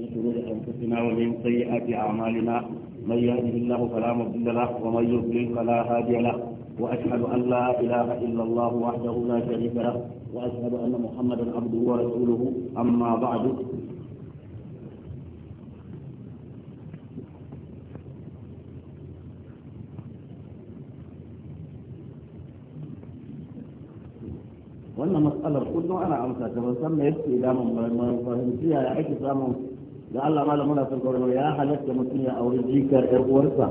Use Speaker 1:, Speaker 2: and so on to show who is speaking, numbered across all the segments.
Speaker 1: من شرور أنفسنا ومن سيئات أعمالنا من يهده الله فلا مضل له ومن يضلل فلا هادي له وأشهد أن لا إله إلا الله وحده لا شريك له وأشهد أن محمدا عبده ورسوله أما بعد وانا مساله كله انا عم ta ban san me yake da mun fahimci لعل ما لمنا في القرآن يا حلت مسلمة أو رجيك الورسة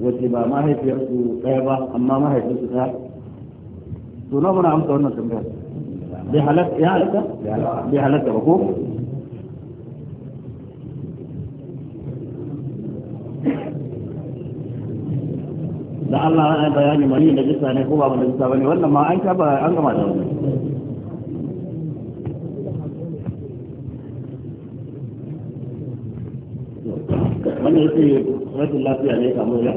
Speaker 1: وتبا ما هي في قيبة أما ما هي في سكار سنة من عم تقولنا سنبه بحلت يا حلت بحلت بكو لعل ما بياني مني نجسة نقوبة من نجسة بني ولا ما أنك أنك ما تقولنا wanda yake rashin lafiya ne kamar ya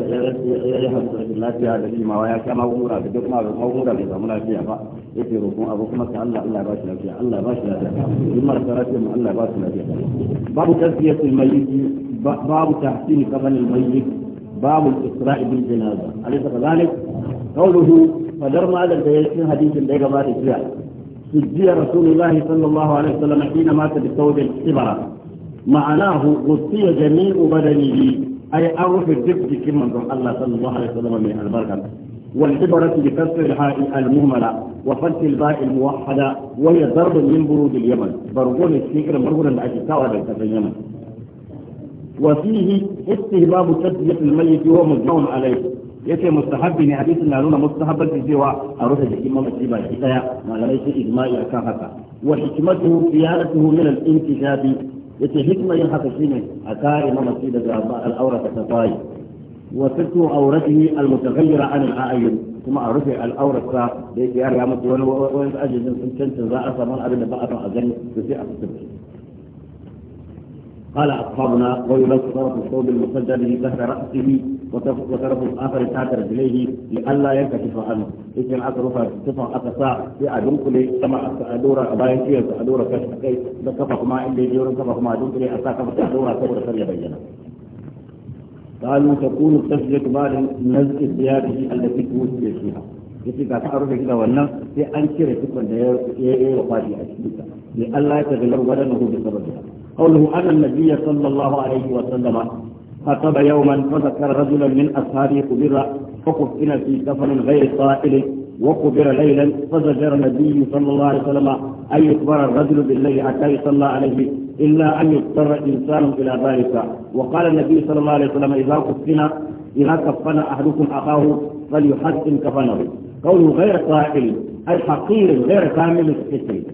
Speaker 1: ya haɗu rashin lafiya da limawa ya kama gura da duk mara gura bai samu lafiya ba yake roƙon abu kuma ka Allah Allah ba shi lafiya Allah ba shi lafiya in mara lafiya mu Allah ba shi lafiya babu tasfiyatul mayyit babu tahsin qabl al mayyit babu isra' bil janaza alaysa kadhalik qawluhu fadar ma da yayin hadisin da ya gabata jiya sujjiya rasulullahi sallallahu alaihi wasallam hina mata bi tawbin ibara معناه غطي جميع بدنه أي أعرف الدفء كما الله صلى الله عليه وسلم من البركة والعبرة بكسر الحاء المهملة وفتح الباء الموحدة وهي ضرب من برود اليمن برغون الشكر مرورا بعد وذلك في اليمن وفيه استهباب تسمية الميت وهو مجمع عليه yace mustahabbi ne hadisin na nuna mustahabbanci cewa a rufe jikin mamaci ba shi daya malamai sun ijma'i akan haka wa hikmatu min al yake hikmar yin haka shine a kare mamaci daga al'aurata ta tsayi wa tattu auratihi al-mutaghayyira an al-a'yun kuma a rufe al'aurata da yake yarda musu wani wani ajin sun cancin za a samu abin da ba a a gani to sai a fitar قال أصحابنا ويلبس طرف الثوب المسجل لكسر رأسه وتربط اخر ساتر اليه لئلا ينكشف عنه اذن اخر فرد تفع اتساع في ادنكلي سمع ادورا باين في ادورا كشفكي بكفق ما اللي يورا كفق ما ادنكلي اتا كفق ادورا كبر سريا بينا قالوا تكون التسجد بعد نزع الزياده التي توسل فيها يتيك اتعرف كده وانا في انشر تكون ايه, إيه وفادي اشبك لئلا يتغلب ودنه بسببها قوله ان النبي صلى الله عليه وسلم خطب يوما فذكر رجلا من أصحابه خبر فقفل في سفر غير طائل وقبر ليلا فزجر النبي صلى الله عليه وسلم أن يخبر الرجل بالليل حتى يصلى عليه إلا أن يضطر إنسان إلى ذلك وقال النبي صلى الله عليه وسلم إذا كفنا إذا كفن أحدكم أخاه فليحسن كفنه قوله غير قائل الحقير غير كامل الستر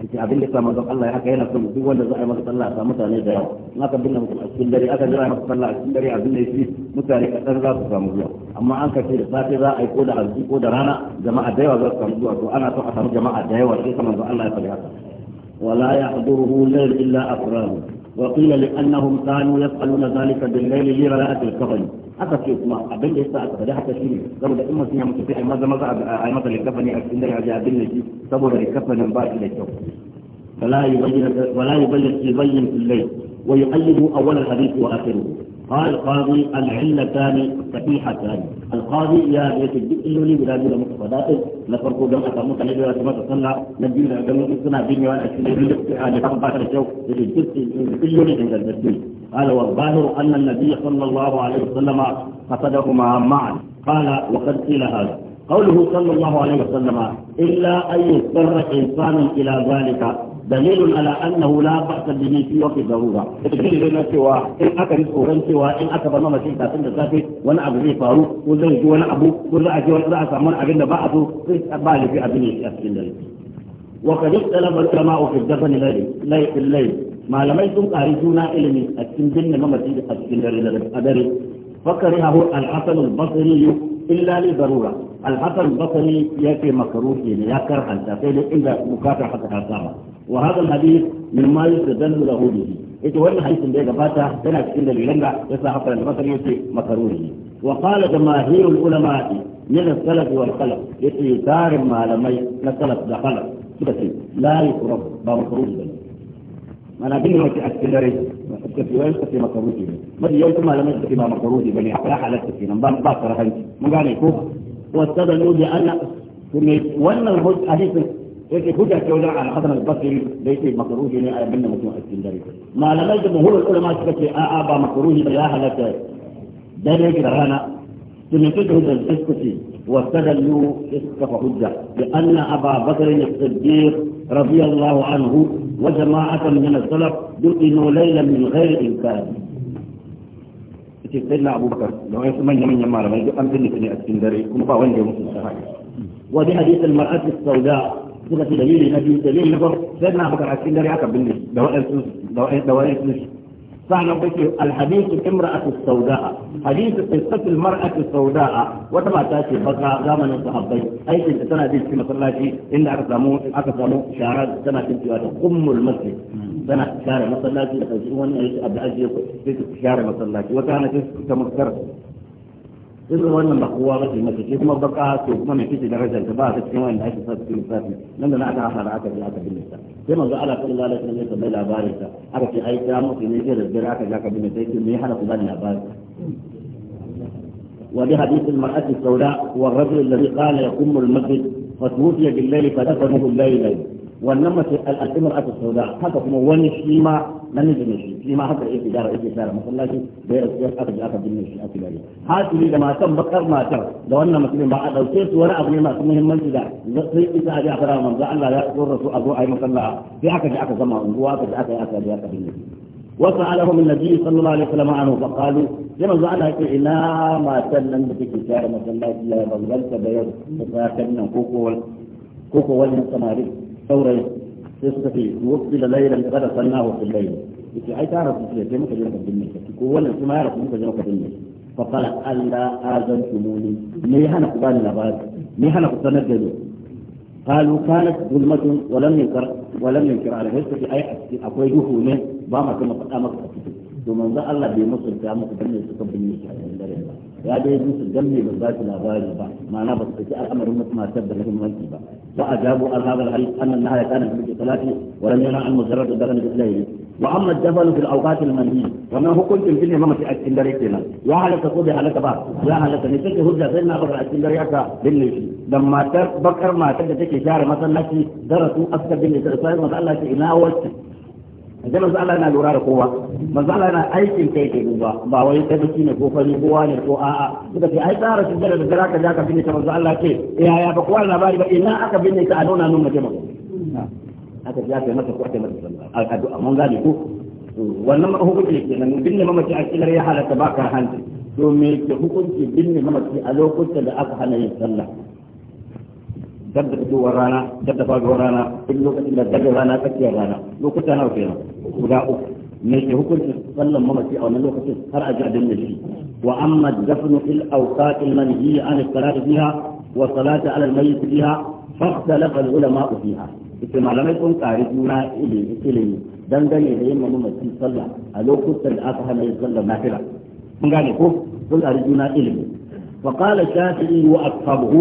Speaker 1: cikin abin da samu don Allah ya haka yana son duk wanda za a yi masa sallah a mutane da yawa in aka binne mutum a cikin dare aka jira masa sallah a cikin dare abin da yake mutane kadan za su samu zuwa amma an kace da safe za a yi ko da arziki ko da rana jama'a da yawa za su samu zuwa to ana son a samu jama'a da yawa sai kamar Allah ya faɗi haka ولا يحضره ليل إلا أفراد وقيل لأنهم كانوا يفعلون ذلك بالليل لغلاءة الكفن aka ce kuma abin da yasa aka faɗi haka shine saboda in mutum ya mutu sai ai maza maza ai maza likafa ne a cikin dare aje abin da shi saboda likafa nan ba shi da kyau wala yubayyin wala yubayyin yubayyin fil layl wa yuqallibu awwal al-hadith wa akhiruhu قال القاضي العلتان ثاني القاضي يا بيت الدين لي بلا بلا مقصدات نفرقوا دم أتمو تنبي ولا تمو تصلى نبي ولا دم سنة دين ولا أشياء اللي تقوم باشر الشو عند المسجد قال والظاهر أن النبي صلى الله عليه وسلم قصدهما معا قال وقد قيل هذا قوله صلى الله عليه وسلم إلا أن يضطر إنسان إلى ذلك دليل على انه لا بأس بمن في وقت الضروره. ان اكا نسخه غير سوى ان اكا بنوما شيء كاسين دسافي وانا ابو زي فارو وزي وانا ابو كل اجي وانا اسع من اجينا بعضه في ابالي في ابني اسكن لي. وقد اختلف السماء في الدفن الذي ليل في الليل ما لم يكن قارئونا الى من اسكن جن ما مسجد اسكن لي فكرهه الحسن البصري الا لضروره الحسن البصري ياتي مكروه يكره ان تقول الا مكافحه الاسامه وهذا الحديث من ما يستدل له به ايه وين حديث ده غباته تنا في الليلنا بس حصل المثل يوتي مكروه وقال جماهير العلماء من السلف والخلف يتي دار ما لم يسلف دخل بسي لا يقرب بمكروه بل ما انا بيني وقت اكتدري وقت في وين في مكروه ما دي يوم ما لم يسلف مكروه بني لا على في نبا بصره انت مغاني كوف واستدلوا بان ثم ولا الحديث yake hujja ce wajen al-hasan da yake makaruhi ne a yabin da mutum a cikin dare malamai da muhurul ulama suka ce ba makaruhi ba ya halatta dare da rana ثم تجهد القسط واستدلوا قسط فحجة لأن أبا بكر الصديق رضي الله عنه وجماعة من السلف دقنوا ليلا من غير انسان. سيدنا أبو بكر لو يسمعني من يمارا ما يجب أن أسكندري كم باوين يوم وفي حديث المرأة السوداء suka ce dalili na biyu dalili na farko sai na buƙatar a cikin dare aka binne da waɗansu da waɗansu shi sa'an nan ce alhadisu imra'atu sauda'a hadisu qissatu almar'atu sauda'a wata mata ce baka zamanin sahabbai aikin ta tana bin cikin masallaci inda aka samu aka samu shara tana tintiwa ta ummul masjid tana share masallaci da kansu wani ayi abu ajiye ko sai share masallaci wata ana ce ta muskar irin wannan ba kowa ba ce mace ce kuma baka to kuma mai kici darajar ta ba ta cikin wanda ake sa cikin lissafi nan da na aka hasa da aka ji aka binne ta sai manzo Allah sallallahu alaihi wasallam ya tambayi labarin ta aka ce ai ta mutu ne da dare aka ga ka binne ta yake me ya hana ku bani labarin وبحديث المرأة السوداء والرجل الذي قال يقوم المسجد فتوفي بالليل فدفنه الليلا والنمة الأمرأة السوداء هذا هو ونشيما من الجنيه لما هذا الاجدار الاجدار مثلا لكن غير غير هذا جاء الجنيه في اكل عليه هذا اللي ما تم بكر ما تم لو ان مثلا بعد لو كنت وراء ابن ما تم من جدا زي اذا جاء حرام ما قال لا يقول رسول ابو اي مثلا في حق جاء كما هو هذا جاء جاء جاء الجنيه وسالهم النبي صلى الله عليه وسلم عنه فقالوا لما زعل هيك الى ما تنن بك الشهر مثلا لا بل بل تبين فاكن كوكو كوكو ولن تمارس ثوره يستفيد وقبل ليلا صلاه في الليل يقول أي تعرف في ممكن الليل يقول ولا ما يعرف ممكن في الليل فقال ألا آذنتموني ليه أنا قبال نبات ليه أنا قد قالوا كانت ظلمة ولم ينكر ولم ينكر على هيك في أي أقوي جهو نه بما كما قد أمر ثم الله بمصر كما قد أمر ya dai musu danne ba za su labari ba ma'ana ba su ɗauki al'amarin musu matar da muhimmanci ba wa ajabu an hadal hadith annan nahaya kana bi salati wa lam yana an mujarrad dalan bi ilayhi wa amma jabal fil awqat al manhi wa ma hukuntum bil imamati a cikin dare kenan ya halaka ko bai halaka ba ya halaka ne take hujja sai na bar a cikin dare aka binne shi dan matar bakar matar da take share masallaci daratu askar bin da sai manzo Allah ce ina wacce idan manzo Allah yana lura da kowa manzo Allah yana aikin kai kai duba ba wai kai biki ne ko fari ko wani ko a'a suka ce ai tsara shin da da ka ja ka binne ta manzo Allah ce eh ya ba kowa labari ba ina aka binne ta a nuna nun mace ba aka ji aka yi masa ko aka masa addu'a mun gane ko wannan hukunci kenan binne mamaci a cikin ya halatta ba ka hanci to me ke hukunci binne mamaci a lokacin da aka hana yin sallah dab da fitowar rana dab da faduwar rana duk lokacin da daga rana tsakiyar rana lokuta nawa kenan guda uku me ke hukunci sallan mamaci a wannan lokacin har a ji a danne shi wa amma dafnu fil awqat al manhiya an as-salati fiha wa salati ala al mayyit fiha fa ikhtalafa al ulama fiha ita malamai sun kare juna ilimi dangane da yin mamaci sallah a lokutan da aka hana yin sallar nafila mun gane ko sun kare juna ilimi فقال الشافعي واصحابه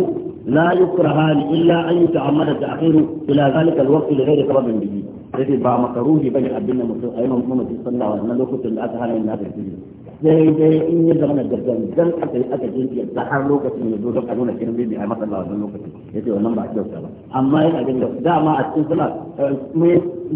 Speaker 1: لا يكرهان إلا أن يتعمد التاخير إلى ذلك الوقت لغير سبب به الذي با مكروه بني أبنا مصر أيما محمد صلى الله عليه وسلم لوكت الأسهل من هذا الدين daidai in ya zama da gangan aka yi aka jinki yadda har lokacin ya zo don a nuna kirin bibi a matsala wannan lokacin ya ce wannan ba a kyauta ba amma yana jin da dama a cikin suna mai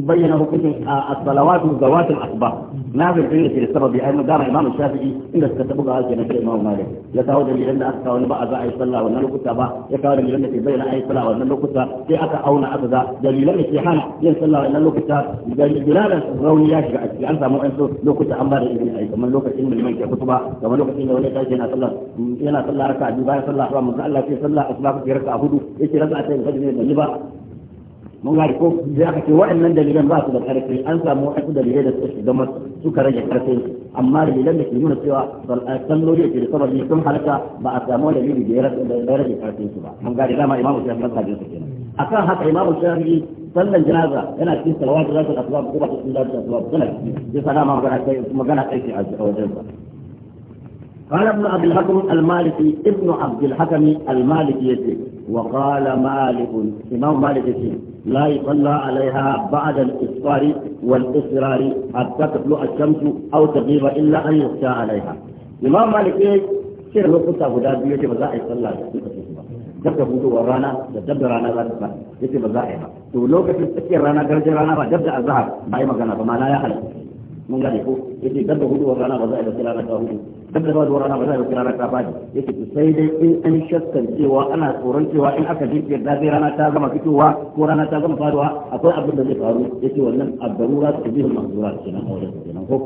Speaker 1: bayyana hukuncin a asalawatu zawatul asba na zai da ke da sababi ai mu dama imamu shafi'i inda suka tabu ga alƙi na kai imamu malik ya kawo dalilan da aka kawo ba a za a yi sallah wannan lokuta ba ya kawo dalilan da ke bayyana a yi sallah wannan lokuta sai aka auna aka za dalilan da ke hana yin sallah wannan lokuta dalilan rauni ya shiga a ciki an samu an so lokuta an ba da izini a yi kamar lokacin liman ke kutuba kamar lokacin da wani tashi yana sallah yana sallah raka'a biyu bayan sallah ba manzo Allah ke sallah asuba ku raka'a hudu yake raka'a ta fajr ne bai ba mun gari ko sai aka ce waɗannan dalilan ba su da karfi an samu wasu dalilai da suka shiga masu suka rage karfin amma dalilan da ke nuna cewa salloli da ke da sababi sun halaka ba a samu dalili da ya rage karfin su ba mun gari dama imamu shafi mazhabin su kenan akan haka imamu shafi صلى الجنازة أنا في صلوات ثلاثة أطباب قوة بسم الله ثلاثة أطباب ثلاثة في صلاة ما قال شيء ثم قال شيء في عز وجل قال ابن عبد الحكم المالكي ابن عبد الحكم المالكي وقال مالك الإمام مالك لا يصلى عليها بعد الإصفار والإصرار حتى تطلع الشمس أو تغيب إلا أن يخشى عليها الإمام مالك سر لو كنت أبو دابي يجب أن يصلى عليها dab da hudowar rana da dab da rana za ta sa yace ba za a yi ba to lokacin tsakiyar rana garjin rana ba dab da azhar ba yi magana ba ma'ana ya halatta mun gane ko yace dab da hudowar rana ba za a yi ba rana ta hudu dab da hudowar rana ba za a yi ba rana ta fadi yace to sai dai in an shakkan cewa ana tsoron cewa in aka jinkir da sai rana ta gama fitowa ko rana ta gama faduwa akwai abin da zai faru yace wannan abdarura ta bihi mahzura kenan a wajen kenan ko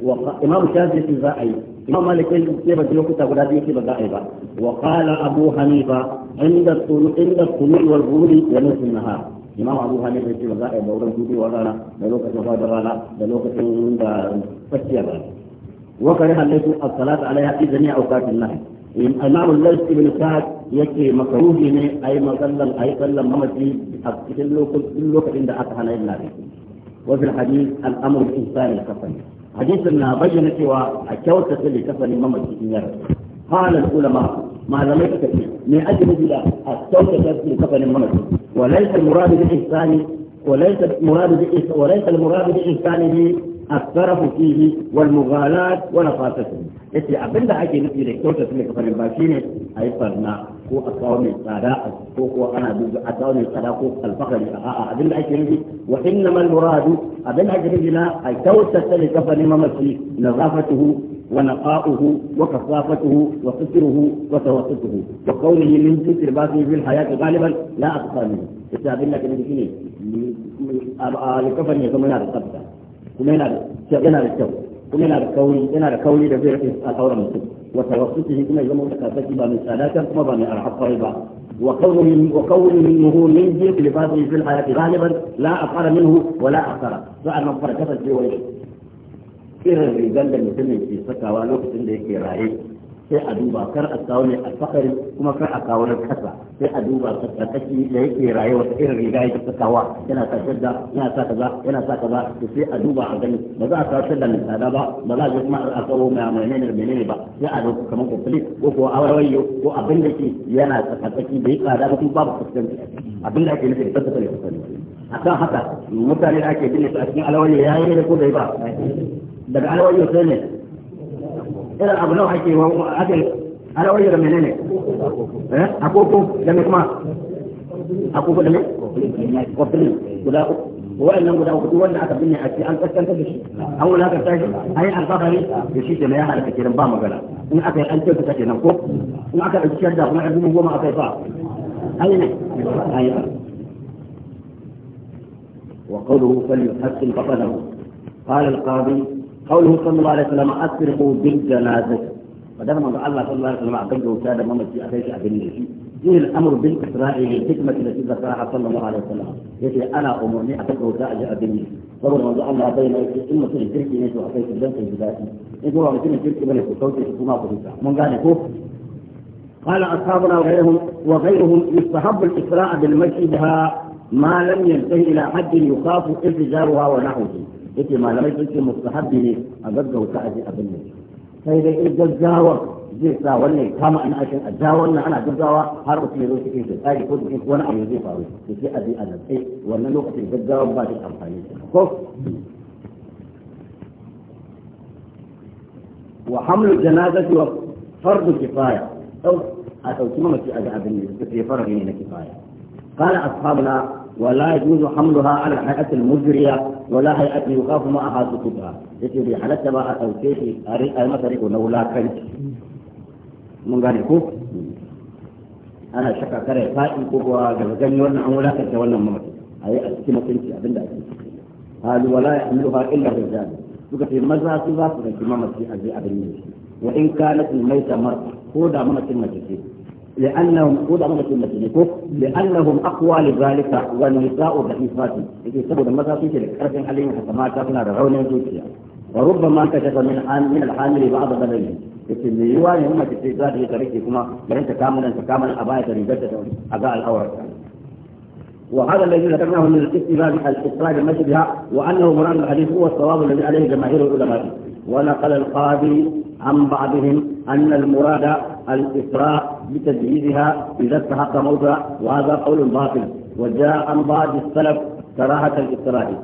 Speaker 1: wa imam shafi'i za a yi imam malik sai ba lokuta guda biyu ce ba za a yi ba wa qala abu hanifa inda sunu inda sunu wal ghururi wa nusu nahar imam abu hanifa ce ba za a yi ba wurin dubi wa rana da lokacin fadar rana da lokacin da tsakiyar rana wa kare halittu as-salatu alaiha fi jami'a awqatin nahr imam al-lays ibn sa'd yake makaruhi ne ai magallan ai sallan mamaci a cikin lokacin da aka hana yin nafi وفي الحديث الامر بانسان الكفن حديث ان بجن سوى الكوثر اللي كفل امام الكثير قال العلماء ما لم يكتب من اجل الى الكوثر اللي كفل امام الكثير وليس المراد به وليس المراد به الصرف فيه والمغالاة ونقاطة يتي أبن لا أجي نتي ركتورة سنك فرن باشيني أي فرنا هو أطاوم الصداء هو أنا بيجو أطاوم الصداء هو الفقر أها أبن أجي نتي وإنما المراد أبن لا أجي لا أي كوتة سنك فرن ممسي نظافته ونقاؤه وكثافته وستره وتوسطه وقوله من ستر باقي في الحياة غالبا لا أقصى منه يتي أبن لا أجي نتي لكفرن يتمنى هذا kuma yana da yana da kyau kuma yana da kauri yana da kauri da zai rufe al'auran mutum wa tawassutuhi kuma zama da kafaki ba mai tsada kan kuma ba mai arha kwarai ba wa qawlun wa qawlun minhu min jib libasi fil hayati ghaliban la aqara minhu wa la aqara za a fara kasance wani irin rigar da mutumin ke sakawa lokacin da yake raye sai a duba kar a kawo ne alfakari kuma kar a kawo na kasa sai a duba tsakatsaki da yake rayuwa ta irin riga yake sakawa yana sa shadda yana sa kaza yana sa kaza to sai a duba a gani ba za a kawo shadda mai tsada ba ba za a je kuma a kawo mai menene da menene ba sai a duba kamar kofili ko ko awarwayo ko abin da ke yana tsakatsaki bai tsada ba kuma babu fuskanci abin da ake nufi da tsakatsaki a kan haka mutane da ake bin su a cikin alawali ya yi da ko bai ba daga alawali sai ne irin abu nawa ake wa ake alawari da menene eh akoko da me kuma akoko da me kofin guda uku wa'annan guda uku wanda aka binne a ce an kaskantar da shi an wulakantar shi an yi alfahari da shi kenan ya halaka kenan ba magana in aka yi an kyautu ta kenan ko in aka ɗauki shadda kuma ɗan dubu goma aka yi fa an yi ne an yi وقوله فليحسن فقده قال القاضي قوله صلى الله عليه وسلم أسرقوا بالجنازة فدام من الله صلى الله عليه وسلم أبنده وكاد ممتي أبيش أبنده فيه الأمر بالإسراء للحكمة التي ذكرها صلى الله عليه وسلم يقول أنا أمرني أبنده وكاد أبنده saboda manzo Allah bai mai in mutum kirki ne to akwai kullum kai daɗi in kuma mutum kirki bane ku sauke ku kuma قال أصحابنا وغيرهم وغيرهم يستحب الإسراء بالمشي بها ما لم ينتهي إلى حد يخاف إفجارها ونحوه yake malamai sun ce mustahabbi ne a gaggauta a je abin ne sai dai in gaggawa zai sa wannan kama ana ashin a ja wannan ana gaggawa har mutum ya zo cikin shi tsari ko cikin wani abu zai faru to sai a je a natsai wannan lokacin gaggawa ba shi amfani ko wa hamlu janazati wa fardu kifaya أو أتوكلنا في أجعب النسبة في فرغ من كفاية قال أصحابنا ولا يجوز حملها على الحياة المجرية ولا هيئة يخاف معها سقوطها يجب في حالتها بقى أو شيء أريد أن مثل أنه لا كنت من غير كوك أنا شكا كره فائل كوك جمجاني ولا عمولا كنت وانا ممت أي أسكمة كنت أبن دائما قالوا ولا يحملها إلا الرجال suka ce maza su za su ɗauki mamaci a je abin ne wa in kanat maita mar لأنهم قد أمر في المسجد لأنهم أقوى لذلك والنساء ضعيفات إذا سبب المسا في تلك أرسل عليهم حكمات كان رعون يزوجها وربما كشف من من الحامل بعض بلده yace يواني هم في mace ce za ta yi تكامل ابايه garin ta kamun وهذا الذي ذكرناه من الاستدلال الاستدلال المسجد وانه مراد الحديث هو الصواب الذي عليه جماهير العلماء ونقل القاضي عن بعضهم أن المراد الإسراء بتجهيزها إذا استحق موتها وهذا قول باطل وجاء عن بعض السلف كراهة الإسراء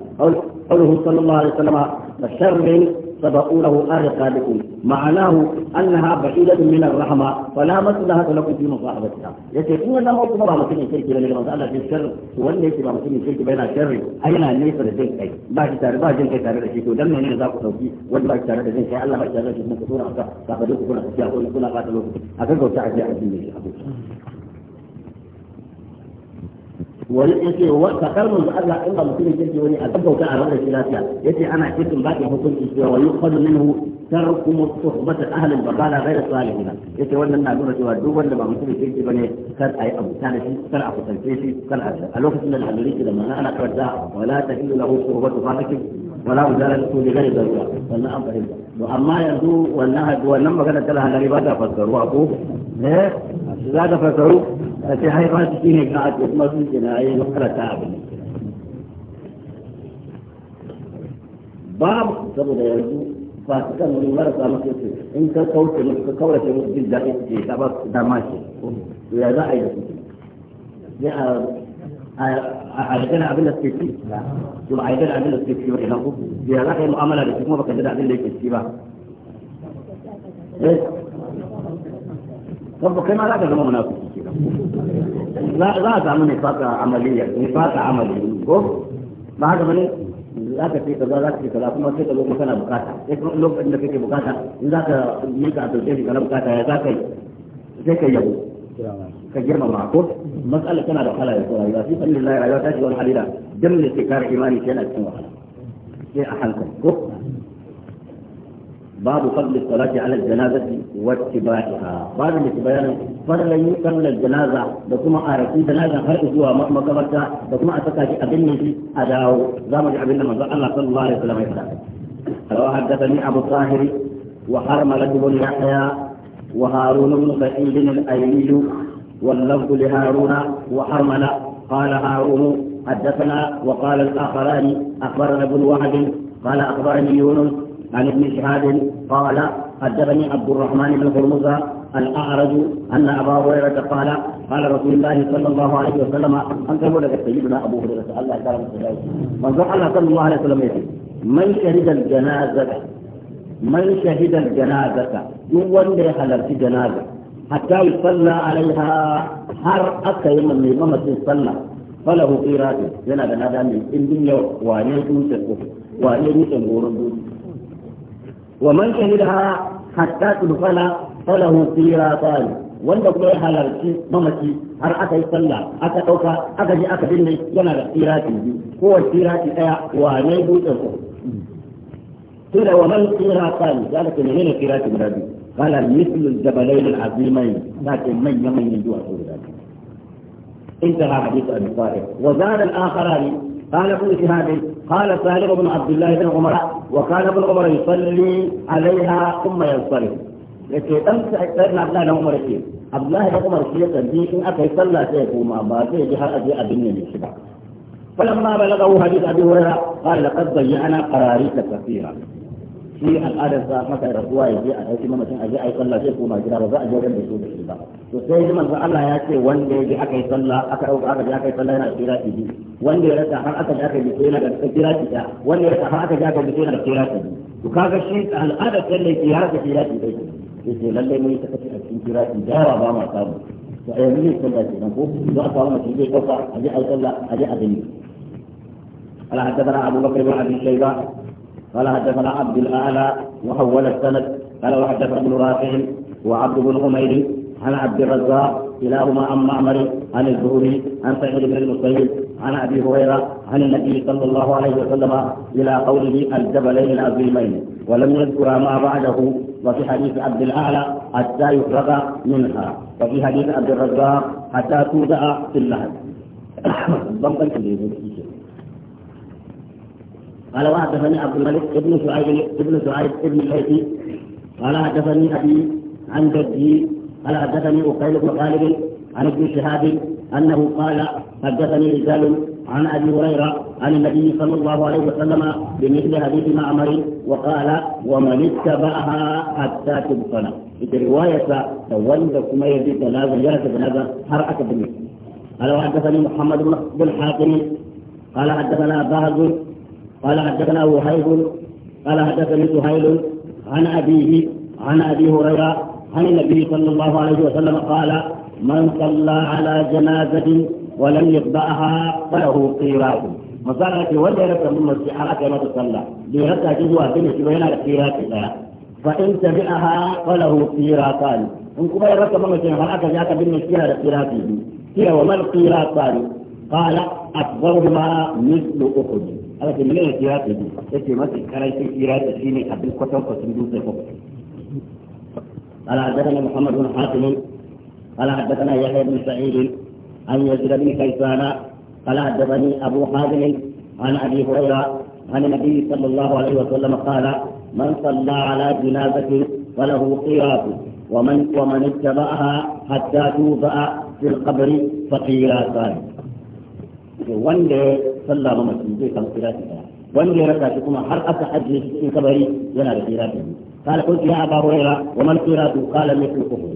Speaker 1: قوله صلى الله عليه وسلم بشر سبقونه أهل قادكم معناه أنها بعيدة من الرحمة فلا مسلها لكم في مصاحبتها يتكون أنه هو أقوم بها سنة الشرك بين المسألة في الشر هو اللي يتبع بها سنة الشرك بين الشر أين النيس لزين كي باش تاري باش جن كي تاري رشيكو دم من ذاك توكي وان باش تاري رزين كي الله باش تاري رشيكو كنا أكا تفدوك كنا أكا كنا قاتلوك أكا كنا أكا كنا أكا wani ya ce wata kalmar da Allah in ba mutum ya ce wani a tabbauta a ranar shi lafiya ya ce ana cikin ba ta hukunci cewa wa yuqadu minhu tarku suhbata ahlil babala ghayra salihin ya ce wannan na nuna cewa duk wanda ba mutum ya ce bane kar a yi abuta da shi kar a kusance shi kar a a lokacin da alhamdulillah da mana ana karanta wala ta illu lahu suhbatu fasikin wala udara su da gari zarwa wannan an fahimta to amma yanzu wannan wannan magana ta halari ba ta fassaruwa ko eh za ka fasaru a ce haifa su shi ne ga ake kuma sun ce na yi makarata abin babu saboda yanzu fasikan wani marasa masu su in ka kauce musu ka kaurace musu jin daɗi su ce ka ba su dama ce to ya za a yi da su ne a dana abin da suke ci to a yi dana abin da suke ci ba ina ku ya za ka yi mu'amala da su kuma baka dana abin da yake ci ba saboda kai ma za ka zama munafiki kenan za a samu nifaka amaliya nifaka amali ko ba haka bane za ka ce kaza za ka ce kaza kuma sai ka zo kana bukata sai kuma lokacin da kake bukata in za ka yi ka dauke shi kana bukata ya za ka yi sai ka yabo ka girmama ko mas'ala tana da wahala ya tsora ya fi fannin lai rayuwa ta ce wani halila dan ne ke kare imani yana cikin wahala sai a hankali ko باب فضل الصلاة على الجنازة واتباعها بعد الاتباعنا فضل يقبل الجنازة بكما أعرفي جنازة فرق جوا مقبرتا بكما أبنى في أداو زامج أبنه من الله صلى الله عليه وسلم رواه حدثني أبو الطاهر وحرملة بن يحيى وهارون بن سعيد الأيلي واللفظ لهارون وحرملة قال هارون حدثنا وقال الآخران أخبرنا ابن وهب قال أخبرني يونس عن ابن شهاب قال حدثني عبد الرحمن بن هرمز الأعرج أن أبا هريرة قال قال رسول الله صلى الله عليه وسلم انت هو لك سيدنا أبو هريرة الله تعالى منظور الله صلى الله عليه وسلم يقول من شهد الجنازة من شهد الجنازة يوم يحلل في جنازة حتى يصلى عليها حر اكا يوم mai يصلى فله falahu qiratu جنازه هذا من mai indin yau wane dutsen ومن شهدها حتى تدخل فله قيراطان wanda kuma ya halarci mamaci har aka yi sallah aka ɗauka aka je aka binne yana da tsirati biyu kowace tsirati ɗaya wane dutsen ku tunda wa man tsiratani ya da kuma yana tsirati guda biyu kala mislu jabalain azimai da ke manya manyan duwatsu guda biyu انتهى حديث ابي صالح وزاد الاخران قال ابن شهاب قال سالم بن عبد الله بن عمر وكان ابن عمر يصلي عليها ثم ينصرف لكي أمس سيدنا عبد الله عمر كي عبد الله بن عمر كي يصلي إن أتى يصلى سيفه ما باقي جهر أبي أبني فلما بلغه حديث أبي هريرة قال لقد ضيعنا قراريك كثيرا shi al'adar sa masa rasuwa ya je a ɗauki mamacin a je a yi sallah sai kuma gida ba za a je wajen da su da shi ba to sai ji manzo Allah ya ce wanda ya je aka yi sallah aka ɗauka aka je aka yi sallah yana da kira biyu wanda ya rasa har aka je aka yi yana da kira ɗaya wanda ya rasa har aka je aka yi yana da kira biyu to kaga shi al'adar sai ne ya rasa kira ɗaya ce lallai mun yi ta sakaci a cikin kira ɗaya da yawa ba ma samu to a yanzu ne sallah ke nan ko za a samu mutum zai ɗauka a je a yi sallah a je a gani. قال حدثنا ابو بكر بن ابي شيبه قال حدثنا عبد الاعلى وحول السند قال وحدثنا ابن رافع وعبد بن عمير عن عبد الرزاق كلاهما عن معمر عن الزهري عن سعيد بن المسيب عن ابي هريره عن النبي صلى الله عليه وسلم الى قوله الجبلين العظيمين ولم يذكر ما بعده وفي حديث عبد الاعلى حتى يفرغ منها وفي حديث عبد الرزاق حتى توضع في اللحد قال وحدثني عبد الملك ابن سعيد ابن سعيد ابن الحيثي قال حدثني ابي عن جدي قال حدثني اخيل بن خالد عن ابن شهاب انه قال حدثني رجال عن ابي هريره عن النبي صلى الله عليه وسلم بمثل حديث معمر وقال ومن اتبعها حتى تبطل في روايه تولد كما يبي تنازل جلس هذا حركه بالنسبه قال وحدثني محمد بن حاتم قال حدثنا بهز قال حدثنا ابو وهيب قال حدثني سهيل عن أبيه عن أبي هريرة عن النبي صلى الله عليه وسلم قال من صلى على جنازة ولم يتبعها فله قيراط مسألة وجه لك من مسيحة كما تصلى بيرتا جزوة بنت بين القيراط فإن تبعها فله قيراطان إن كما يرك من مسيحة هل بنت بالمسيحة لقيراطه هي وما القيراطان قال اكبرها مثل أحد ana ce miliyan tsira ta biyu ya ce mafi karancin tsira ta shi ne abin kwatan kwatin dutse ko ala haddana muhammad bin hatim ala haddana yahya bin sa'id an yazid bin kaisana ala haddani abu hazim an abi hurairah عن النبي صلى الله عليه وسلم قال من صلى على جنازة فله قيراط ومن ومن اتبعها حتى توضع في القبر فقيراتان wanda ya salla ma mutum zai samu kira ta wanda ya rasa shi kuma har aka ajiye shi cikin kabari yana da kira ta قال قلت يا ابا هريره وما القراءه قال مثل الكفر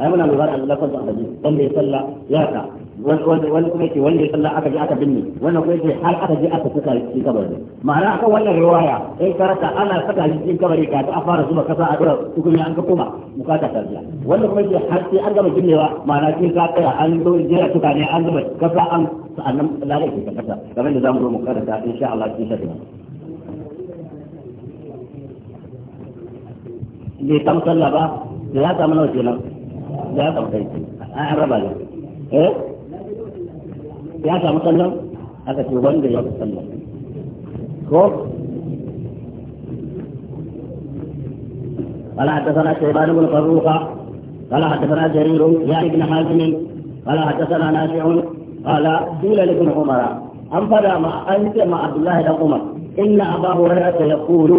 Speaker 1: ai muna lura da lafazin annabi wanda ya salla ya ta wani kuma wanda ya sallah aka je aka binne wannan kuma yake har aka je aka saka cikin kabari ma'ana aka wannan riwaya in karata ana saka shi cikin kabari ka ta fara zuba kasa a dora hukumi an ka koma bukata tarbiya wannan kuma yake har sai an gama binnewa ma'ana cikin ka tsaya an zo jira tuka ne an zuba kasa an sa'annan lalai ke kasa kamar da zamu zo mu karanta insha Allah cikin shafin bai samu sallah ba da ya samu nawa kenan da ya samu kai an raba ne eh ya samu sallan aka ce wanda ya sallan ko قال حدثنا شيبان بن فروخة قال حدثنا جرير يعني بن حازم قال حدثنا نافع قال قيل لابن عمر أن فدا مع أنت مع عبد الله بن عمر إن أبا هريرة يقول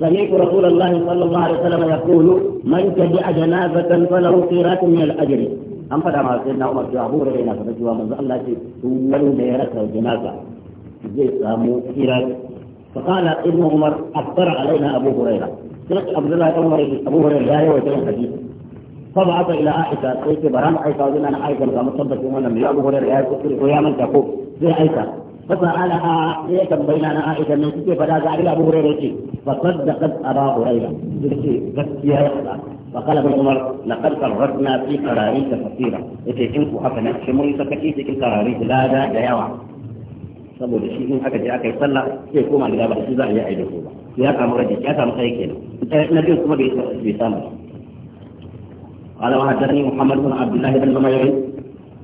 Speaker 1: سمعت رسول الله صلى الله عليه وسلم يقول من تبع جنازة فله قيرات من الأجر an faɗa ma sai na umar cewa abu yana cewa manzo Allah ce ya rasa janaza zai samu kira فقال ابن عمر اكثر علينا ابو هريره سمعت ابو هريره لا يروي الحديث الى عائشه قلت برام انا عائشه لما تصدق يوم لما ابو هريره يا كفر ويا من انا عائشه من ابو هريره شيء فصدقت ابا هريره قلت يا فقال ابن عمر لقد قررنا في قراريس فقيرة إذا كنت حفنا شموري سكيس كن قراريس لا دا يا يوع سبو دشي إن حكا جاءك يصلى سيكوما إيه، لذا بحسيزا يا عيد الكوبا يا كام رجيك يا كام خيكين إيه، نبي سمى بيسامة قال وحدثني محمد بن عبد الله بن عمير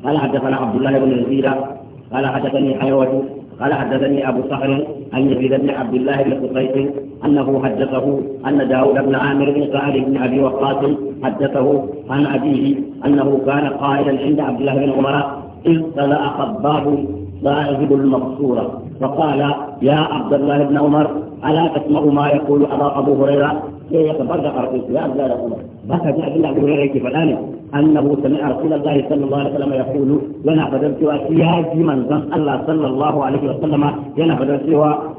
Speaker 1: قال حدثنا عبد الله بن الزيرة قال حدثني حيوة قال حدثني أبو صخر أن يزيد بن عبد الله بن قصيص أنه حدثه أن داود بن عامر بن سعد بن أبي وقاص حدثه عن أبيه أنه كان قائلا عند عبد الله بن عمر إذ طلع خباب صاحب المقصورة فقال يا عبد الله بن عمر ألا تسمع ما يقول أبا أبو هريرة يتبرق الإسلام لا يقول بس جاء بالله أبو هريرة كيف الآن أنه سمع رسول الله صلى الله عليه وسلم يقول لنا بدلت وأسياج من ظن الله صلى الله عليه وسلم لنا بدلت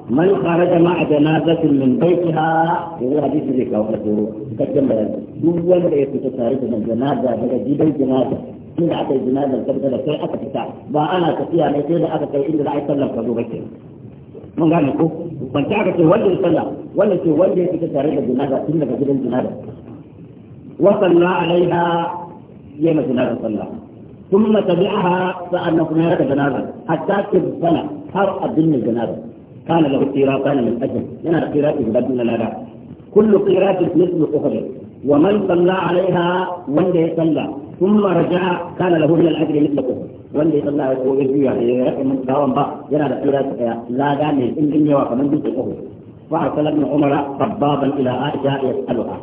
Speaker 1: من خرج مع جنازة من بيتها هو حديث ذيك لو أقول تكلم بيان دول ليس تتعرف من جنازة من جيب الجنازة من أعطي جنازة تبدأ لكي أكتب ساعة وأنا تقيا ليس إذا أكتب إذا أعطي الله mun gane ko ban ta aka ce wanda ya sallah wanda ce wanda ya fita tare da jinaza tun daga gidan jinaza wa salla alaiha ya ma sallah ثم تبعها فأن هناك جنازة حتى تبطل حر الدين الجنازة كان له قيراطان من أجل من القيراط بدل كل قيراط مثل أخرى ومن صلى عليها ومن يصلى ثم رجع كان له من الأجر مثل أخرى wanda ya sallah ko ya juya ya rasa mun gawan ba yana da tsira daya lada ne in din yawa kamar dutse ko fa sallallahu alaihi umara sabbaban ila aisha yasaluha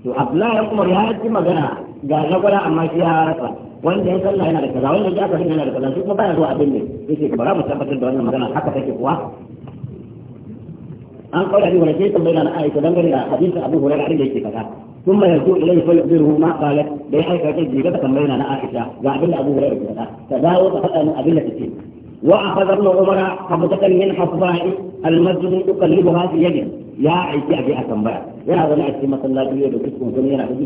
Speaker 1: to abdullahi umar ya ji magana ga nagwara amma shi ya rasa wanda ya sallah yana da kaza wanda ya aka yana da kaza shi kuma baya zuwa abin ne yake bara mu tabbatar da wannan magana haka take kuwa an kawo abin wani sai tambayi na aisha dangane da hadisin abu hurairah da yake kaza ثم يرجو اليه فيخبره ما قالت da ya aika kai jiga tambayi na aisha ga abin da abu hurairah ke kaza ta dawo ta faɗa min abin da take واخذ ابن عمر حبسه من حصباء المسجد يقلبها في يده يا عيسى ابي اكمبر يا ابن عيسى مثلا في يده كسكم كم ينا كذي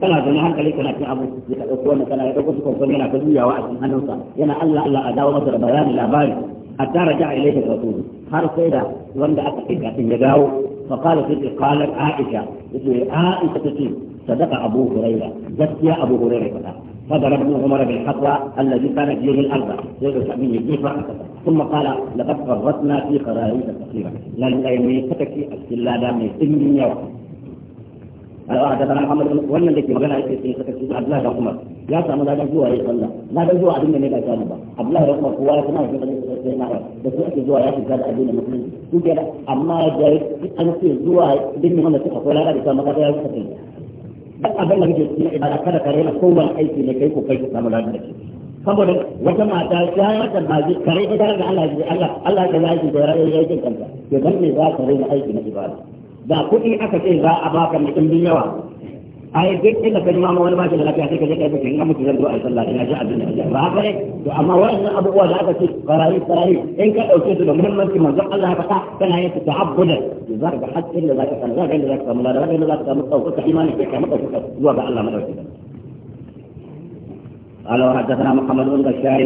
Speaker 1: كلا زنا هل كلي كنا كنا ابو يتقوى كنا يتقوى كم ينا كذي يا واحد من هنوسا يا الله الله اداو مثلا بيان لا باري حتى رجع إليه الرسول هل سيدة وان دعت حجة يداو فقال سيدي قالت عائشة يقول عائشة تسيب صدق أبو هريرة يا أبو هريرة فضرب ابن عمر بالحقوى الذي كان فيه الأرض ثم قال لقد فرطنا في خرائط كثيرة لن لا يملكك السلالة من سن يوم قال حدثنا محمد بن wannan dake magana yake cikin saka su Abdullah da Umar ya samu ladan zuwa ya sallah ladan zuwa abin da ne bai samu ba Abdullah da Umar kowa kuma yake da su sai na da su ake zuwa ya shiga da addinin musulunci su ke da amma da an ce zuwa din ne wanda suka koyi ladan da samu kada ya suka kai duk abin da kake cikin ibada kada ka rena kowane aiki ne kai ko kai ka samu ladan da ke saboda wata mata ta mata baji kare ta da Allah ya Allah Allah ya yi da ra'ayi yake kanta ke dan ne za ka rena aiki na ibada da kuɗi aka ce za a baka mai ɗimbin yawa ai duk inda ka jima wani ba shi da lafiya sai ka je kai mutum in mutum zan zo a sallah ina ji abin da ba haka ne to amma waɗannan abubuwa da aka ce farayi farayi in ka ɗauke su da muhimmanci manzon Allah ya faɗa kana yin su ta'abbudan to za ka ga hakkin da za ka samu za ka ga za ka samu ladan da za ka samu ɗaukaka imanin ka samu ɗaukaka zuwa ga Allah madaukakin قال وحدثنا محمد بن بشار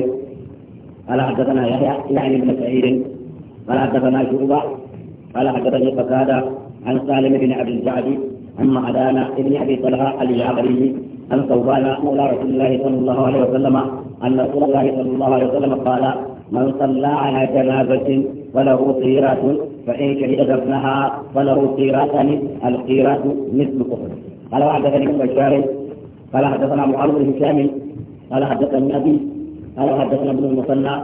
Speaker 1: قال حدثنا يحيى يعني بن سعيد قال حدثنا شعبة قال حدثني قتادة عن سالم بن ابي الجعد عن معدان بن ابي طلحه الجعبري عن ثوبان مولى رسول الله صلى الله عليه وسلم ان رسول الله صلى الله عليه وسلم قال من صلى على جنازه فله قيرات فان شهد دفنها فله قيراتان القيرات مثل كفر قال وحدثني ابن بشار قال حدثنا معاذ بن هشام قال حدثني ابي قال حدثنا ابن المثنى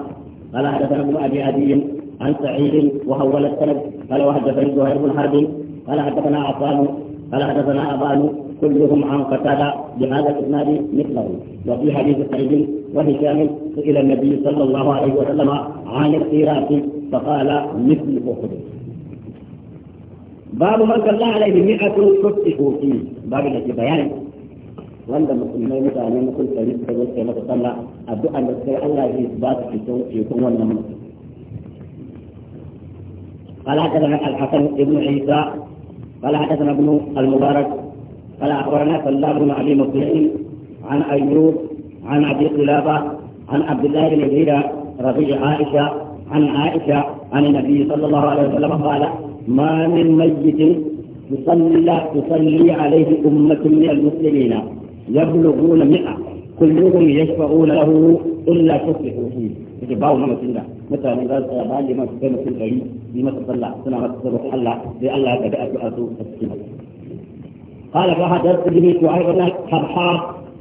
Speaker 1: قال حدثنا ابن ابي عدي عن سعيد وهول السند قال وحدثني زهير بن حرب قال حدثنا عفان قال حدثنا عفان كلهم عن قتادة بهذا الإسناد مثله وفي حديث سعيد وهشام سئل النبي صلى الله عليه وسلم عن القيراط فقال مثل أحد باب من صلى عليه مئة تفتح فيه باب الذي بيان وان musulmai mutane mutum ɗari suka zo kai masa sallah addu'ar da sai Allah zai ba su ceto ceton wannan mutum. قال حدثنا الحسن بن عيسى قال حدثنا ابن المبارك قال اخبرنا سلام بن علي مسلم عن ايوب عن ابي قلابه عن عبد الله بن زيد رفيع عائشه عن عائشه عن النبي صلى الله عليه وسلم قال ما من ميت يصلي تصلي عليه امه من المسلمين يبلغون مئة كلهم يشفعون له الا تصلحوا فيه. mutane za su tsaya bayan liman kai mutum ɗari ni masu sallah suna masu sabon Allah sai Allah ya a su'a su a cikin قال فحدثت به شعيب بن حرحار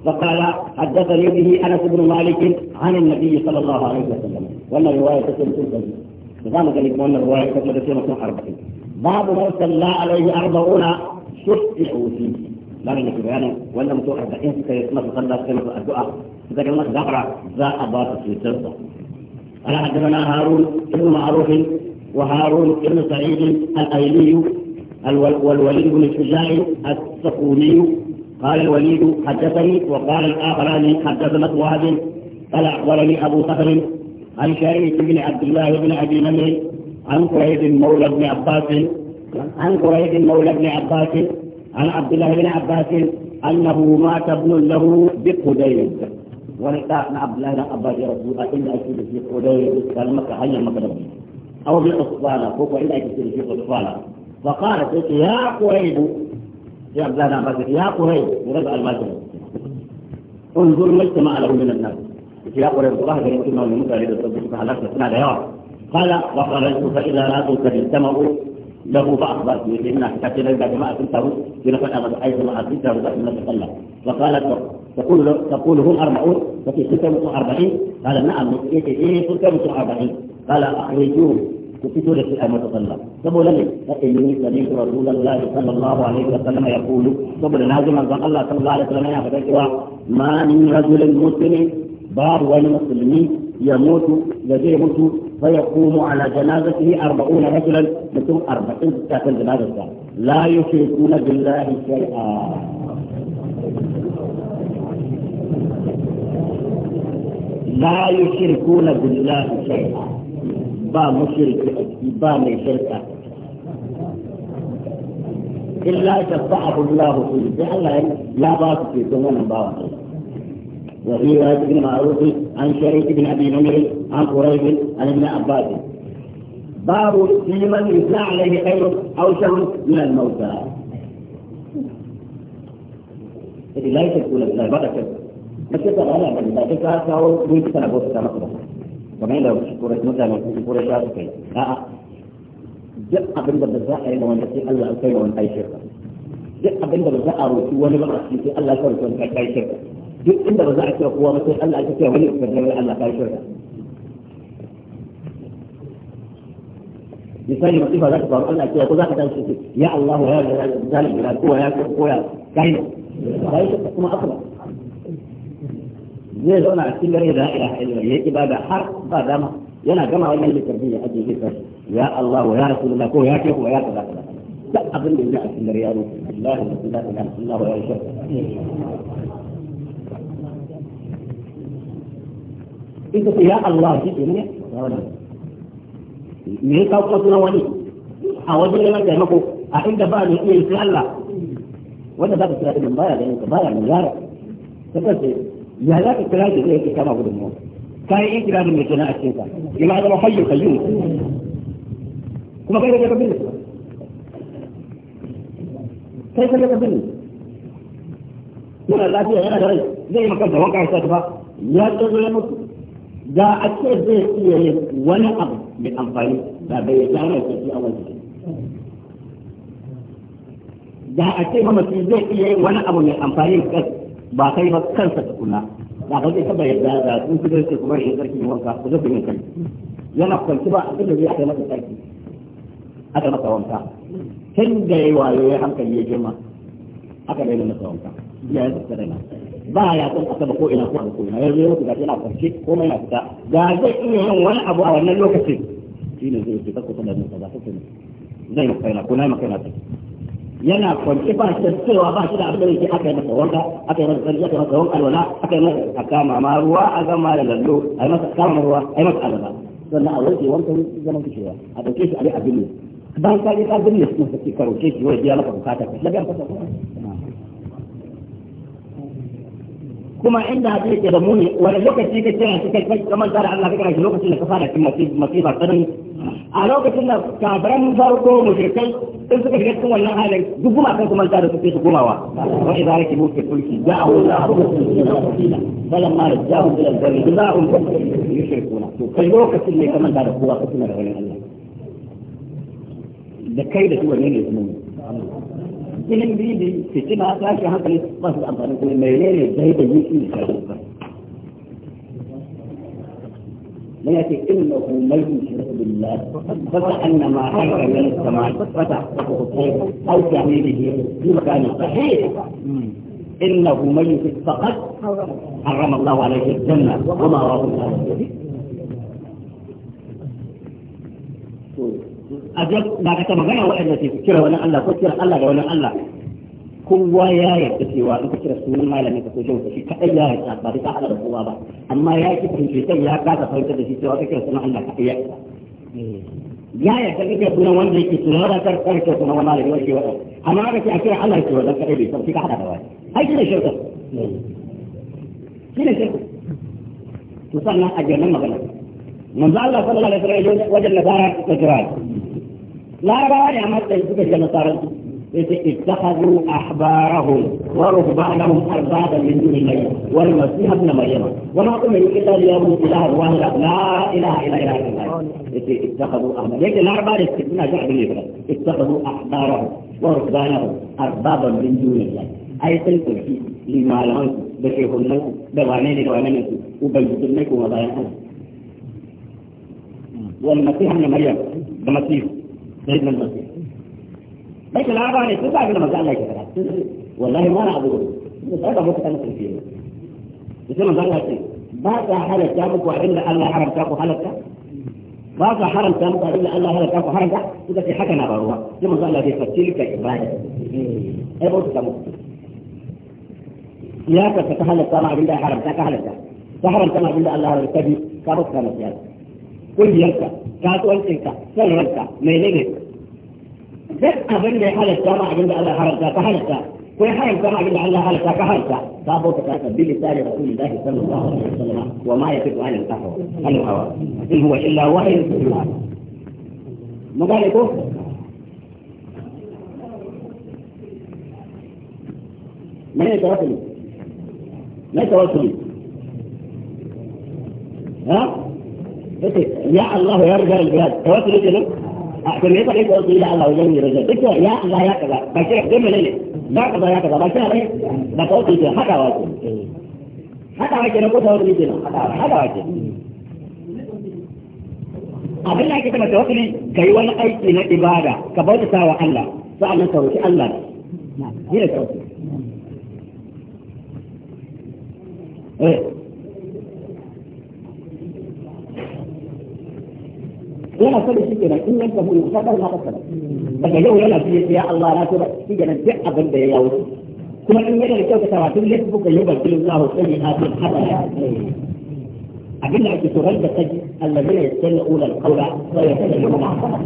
Speaker 1: فقال حدثني به انس بن مالك عن النبي صلى الله عليه وسلم وان الروايه تكون تلك نظام ذلك وان الروايه تكون تكون اربعين باب من صلى عليه اربعون شفعوا فيه لا من بيانا ولا متوقع أربعين سكة يسمى صلى الله عليه وسلم الدعاء إذا كان الله ذا ابا في قال حدثنا هارون بن معروف وهارون بن سعيد الايلي والوليد بن الشجاع السقوني قال الوليد حدثني وقال الاخران حدثنا وهب قال اخبرني ابو صخر عن شريك بن عبد الله بن ابي نمر عن قريب مولى بن عباس عن قريب مولى بن عباس عن عبد الله بن عباس انه مات ابن له بقديم wani da na abdullahi dan abbas ya rasu a inda ake da shi ko dai kan maka hanyar maka da shi aw bi usbana ko ko inda ake da shi usbana fa qala sai ya quraib ya abdullahi dan abbas ya quraib murad al-majid انظر ما اجتمع له من الناس يا قريب الله غير مسلم من مكان اذا تبدو سبحانك سنة لا يعرف قال وخرجت فإذا ناس قد اجتمعوا له بعض بعض لأن حتى لا يبعد ما أكلته بنفع أمد حيث ما أكلته بعض من تقلى فقالت تقول تقول هم أربعون ففي ستة أربعين قال نعم إيه إيه ستة أربعين قال أخرجوهم في سورة الأمة المتصلى سبول لني فإني سمعت رسول الله صلى الله عليه وسلم يقول سبول لنازم أن الله صلى الله عليه وسلم يا يقول ما من رجل مسلم باب وين المسلمين يموت لديه موت فيقوم على جنازته أربعون رجلا مثل أربعين كافر جنازة لا يشركون بالله شيئا لا يشركون بالله شيئا با مشرك با مشرك شركة إلا تفتحه الله فيه بأن لا باس في ثمن باطل وفي رواية ابن معروف عن شريك بن أبي نمر عن قريب عن ابن عباس باب في من يتلى عليه خير أو شر من الموتى إذا لا يشركوا لا بركة بس يبقى على من لا كنت أو ويجب أن أقول كما وما لو شكورة مثلا شكورة شعر لا duk abin da ba za a yi ma wanda sai Allah ya kai ma wani kai shirka duk abin da duk inda ba za a kira kowa ba sai Allah ake kira wani ukar da Allah ta shirka misali masifa za ta faru Allah kira ko za ka tashi ce ya Allah ya ya zalim ya ko ya ko ya kai kai kuma akala zai zauna a cikin gare da ila ila ya ibada har ba dama yana gama wannan da tarbiyya ake yi sai ya Allah ya rasulullah ko ya kai ko ya kaza kaza duk abin da ya a cikin gare ya ro Allah ya rasulullah ya rasulullah ya rasulullah in ka ce ya Allah shi ke ne me ya kawo kuma wani a wajen neman taimako a inda ba ne iya sai Allah wanda za ka kira idan baya ganin ka baya mai yara ta kace ya za ka kira shi zai yake kama gudunmu kayan yin kira da mai kenan a cikin ka ila zama hayyu kayyum kuma kai da ka bin kai ka da bin yana lafiya yana da rai zai yi maka da wanka ya ta ba ya tsazo ya mutu da a ce zai iya yin wani abu mai amfani da bai ya tsara ya tafi a wani da a ce mamaci zai iya yin wani abu mai amfani da ba kai ba kansa tukuna da ka zai taba yadda da sun fi zai kuma yin sarki ne wanka ku zai yin kai yana kwanci ba a cikin zai kai masa sarki aka masa wanka tun da ya wayo ya hankali ya girma aka daina masa wanka ya yi tsada yi. ba ya son a sama ko ina ko an ko yanzu yau ga yana farce ko mai na fita ga zai iya yin wani abu a wannan lokacin shi ne zai ce kako sanar da kaza kake zai yi kaina ko na yi kaina yana kwance ba shi cewa ba shi da abin da yake aka yi masa wanka aka yi masa sarki aka yi masa wanka alwala aka yi masa a kama ma ruwa a gama da lallo a yi masa kama ruwa a yi masa alwala sannan a wanke wankan zaman kishewa a ɗauke shi a yi abin ne bayan ka je ka binne su ka ce karo ce ki wai biya maka bukata ka biya maka bukata kuma inda hadisi ke da muni wani lokaci ka kira shi kai kai kamar da Allah ka kira shi lokacin da ka fara cin masifa tsanani a lokacin da kafiran farko mushrikai in suka shiga cikin wannan halin duk kuma kan kuma da suke su gumawa wa idza raki bu fi kulki ya awu la abu falan ma rajahu ila al-barri jaza'un yushrikuna to kai lokacin ne kamar da kowa kuma da wani Allah da kai da duwane ne zumunci cikin bibi fitina ta shi hankali ba su amfani kuma mai إنه ميت يشرك بالله فكأنما حرم من السماء فتحققه الطير أو تعمل به في صحيح إنه ميت فقط فقد حرم الله عليه الجنة وما رأى الله أجل ما كتب مغنى وإلا في كرة ولا الله كرة الله ولا الله kowa ya yarda cewa in ka kira sunan malami ka so jauta shi kaɗai ya yarda ba ta haɗa da kowa ba amma ya ki fahimci kai ya kasa fahimtar da shi cewa ka kira sunan Allah kaɗai ya yarda ya yarda ka kira sunan wanda yake sunan ba kar kar kira sunan wani malami wani kewa amma ka ce a kira Allah ke wadan kaɗai bai san shi ka haɗa da wani ai shi ne shirka shi ne shirka to sannan a jirgin magana manzo Allah sallallahu alaihi wasallam wajen nasara da kira لا ne a matsayin suka إذ اتخذوا احبارهم ورهبانهم اربابا من دون الله والمسيح ابن مريم وما امروا الا ليعبدوا إله واحد لا اله الا اله الا الله اتخذوا احبارهم لكن الارباب استثناء جعل اتخذوا احبارهم ورهبانهم اربابا من دون الله اي سلكوا لما لهم بشيخهم لهم بغانين وامانه وبيتنكم وبيانهم والمسيح ابن مريم المسيح سيدنا المسيح ليس العرب عن يسوع بعد ما جعلنا كذا والله ما نعبده بس هذا هو كتاب الفيل بس ما جعلنا شيء بعد حالة جابك وعند الله حرم جابك حالة بعد حرم جابك وعند الله حالة جابك حرم جابك إذا في حكنا بروها لما جعلنا في فتيل كإبراهيم أي بوت كتاب يا كتاب حالة جابك وعند الله حرم جابك حالة جابك وحرم جابك وعند الله حالة جابك كابوس كان سيارك kungiyarka kasuwancinka son ranka menene duk abin da ya halatta ma abin da Allah haramta ka halatta ko ya haramta ma abin da Allah halatta ka halatta ka bauta ka sabbi lisani rasulillahi sallallahu alaihi wasallam wa ma yafiqu an al-qahwa an hawa in huwa illa wahyu yuha mun gane ko mene tawassuli mene tawassuli ha يا الله يا رجال البلاد توكل كده عشان يبقى ليك قلت يا الله يا رجال بك يا الله يا كذا بشير دم ليه يا كذا يا كذا بشير يا ما قلت كده حتى واجب حتى واجب نقول توكل كده حتى واجب
Speaker 2: abin da ake sama tawakkali ka
Speaker 1: wani aiki na ibada ka bautata wa Allah sa'annan ka roki Allah ne ne tawakkali eh yana sani shi kenan in yanka mu ka ba na kasala daga yau yana fiye ya Allah na tuba shi kenan duk abin da ya yawo kuma in yana da kyautata wa tun yadda kuka yi bakin Allah sai ya fi hada abin da ake tsoron da kaji Allah ne ya tsalla ulal kaula sai ya tsalla ulal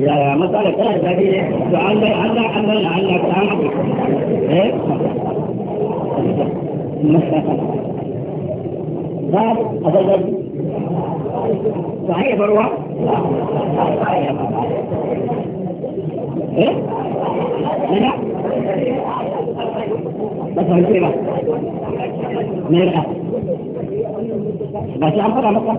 Speaker 1: يا مسألة ثلاثة هذه فعلا علا علا لعلا تعالى ba a gargaji ba ya barwa ba ya barwa eh
Speaker 2: nana ba ta hanke ba na yarda ba ta an fara maka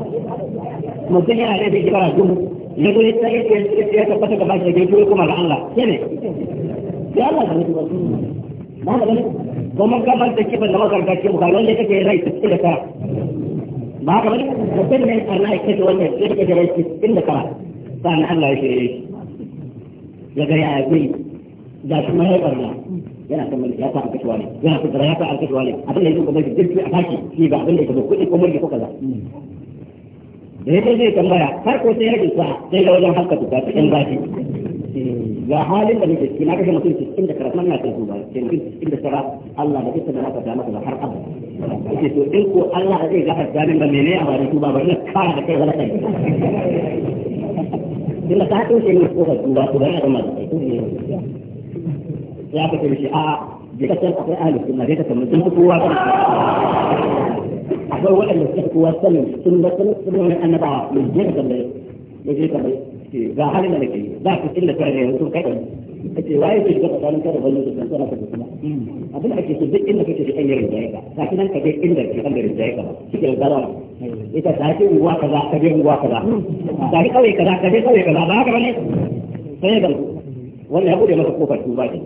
Speaker 2: mutum
Speaker 1: yana da zai jibara duhu ya zo ya tabbata da bashi da gaji kuma ga Allah ke ne ya Allah a mutu ba ba ga mutu kuma gabar da ke ban da makarta ke bukari wanda kake rai da ta ba haka bane babban mai karna ya kace wannan ya da gare shi inda kara sai Allah ya shirye ya ga ya yi da shi mai karna yana kuma ya ta an wani yana kuma ya ta an wani abin da yake kuma shi jirgi a tashi shi ba abin da yake kuma ko mulki ko kaza da yake zai tambaya har ko sai ya rage sa sai da wajen haska tuka cikin zafi ga halin da nake ciki na kashe mutum cikin da karatu na kai duba sai mutum cikin da sara Allah da kisa da haka da maka har abada yake to in ko Allah zai gafarta min ba menene a bari duba ba ina kara da kai wala kai illa ta haɗin sai ne ko ka duba ko da ma ya ka ce shi a je ka san akwai ahli sunna je ka san mutum kowa kan akwai waɗanda suka kowa sanin sun da sanin annabawa ne je ka tambaye ne je ka tambaye ga halin da nake yi za illa ta ne to waye da ka kuma abin da ake so duk inda kake da da yaka kinan ka dai inda ke kan da da yaka shi ke zara ita ta ce uwa kaza ka je uwa kaza ka kawai kaza ka je kawai kaza ba haka ne, sai ga wannan ya bude masa kofar tuba ne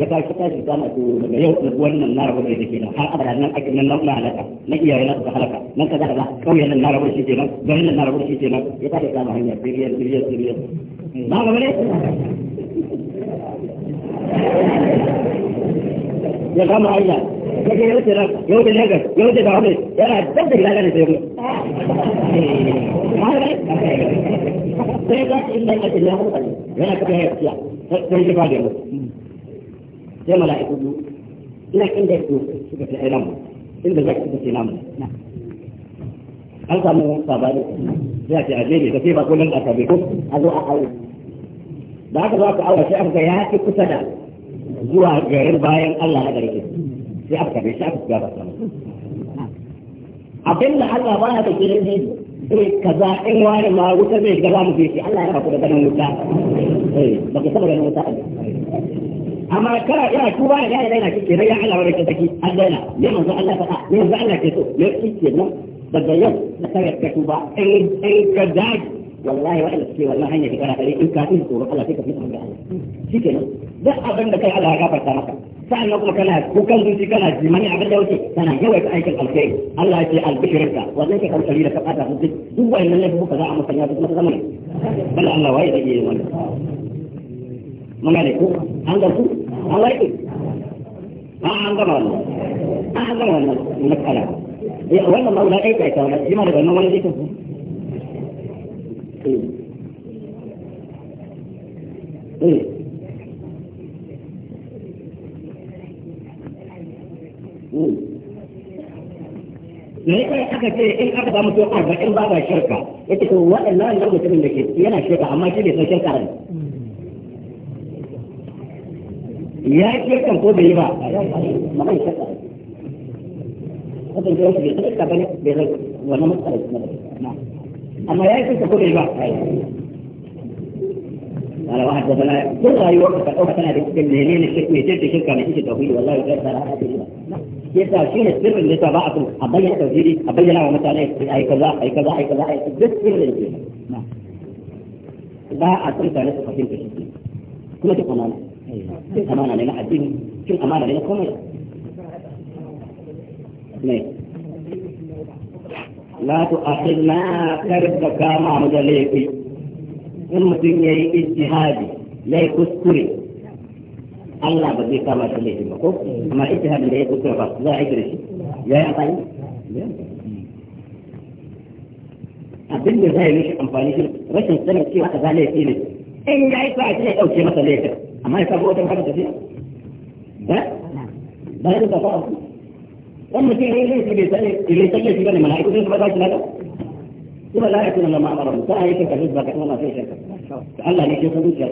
Speaker 1: ya kashi kashi kana to daga yau wannan na rabu da yake nan har abada nan ake nan na halaka na iyaye na suka halaka nan kaza kaza kauyen nan na rabu shi kenan garin nan na rabu shi kenan ya kashi kama hanya biriyar biriyar biriyar ba ga bare ya kama hanya ya ke yau da yau da Lagos yau da Bahrain yana dab da gidan da sai mu ma ga sai ga inda kake ne yana kafa ya sai shi ba da mu sai mala'iku biyu ina inda su suka ce ai namu inda zaki suka ce namu an samu sabani ya ce aje je ne tafi ba kullum a tabi ko a zo a aure da aka zo aka aure sai aka ya ci kusa da zuwa garin bayan Allah na gari sai aka tabi sai aka gaba abin abinda Allah ba ya da gidan hidu eh kaza in ware ma wuta zai gaba mu ce Allah ya rabu da ganin wuta eh, ba saba ganin wuta amma kana ina tuba da kike Allah ke saki ne manzo Allah faɗa ne manzo Allah ke so ne kike nan daga yau da kai ka tuba in ka wallahi wa Allah ce wallahi hanya kana kare in ka tsoro Allah sai ka fi Allah shikenan duk abin da kai Allah ya gafarta maka sa'annan kuma kana kukan zuci kana jimani abin da wuce kana yawaita aikin alkhairi Allah ya ce albishirinka wannan ke kankari da kafata duk duk wayannan ne kuka za a musanya duk mata zamani bal Allah waye da yi wannan mun gane ko an ga ku an warke an gama wannan an gama wannan matsala wannan maula ɗaya ta ita wannan jima daga nan wani zai tafi ne eh. aka ce in aka samu to arba'in ba ba shirka waɗannan mutumin da ke yana shirka amma shi ne shirka ne ya shirka ko bai yi ba shirka shirka bai ne أما يأتي تكون إيه الوقت البعض أيوه. قال واحد مثلا كل هاي وقت الأخت أنا بالهنين ميتين في شركة من إيش التوحيد والله يجب على هذا الشيء يبقى شيء السر اللي تبعته أبين توحيدي أبين على مثلا أي كذا أي كذا أي كذا أي كذا السر اللي فيه ده نعم. أصلا ناس فاهمين في الشيء كل شيء أمانة أيوه. أمانة لنا الدين كل أمانة لنا كمان
Speaker 2: la tu akhirna karba kama
Speaker 1: mu da laifi in mutum ya yi ijtihadi ya yi kuskure Allah ba zai kama shi laifi ba ko amma ijtihadin da ya kuskure ba za a yi shi ya yi amfani abin da zai mishi amfani shi rashin sanin cewa ka zale fi ne in ya yi sa shi ya dauke masa laifin amma ya sabo wata haka tafiya ba ba ya da ba wannan sai ne ne bai sani bai sani shi bane mala'iku sai su ba shi lada kuma la yakuna lama amara mu sai yake kaje ba kana sai shi to Allah ne ke san zuciya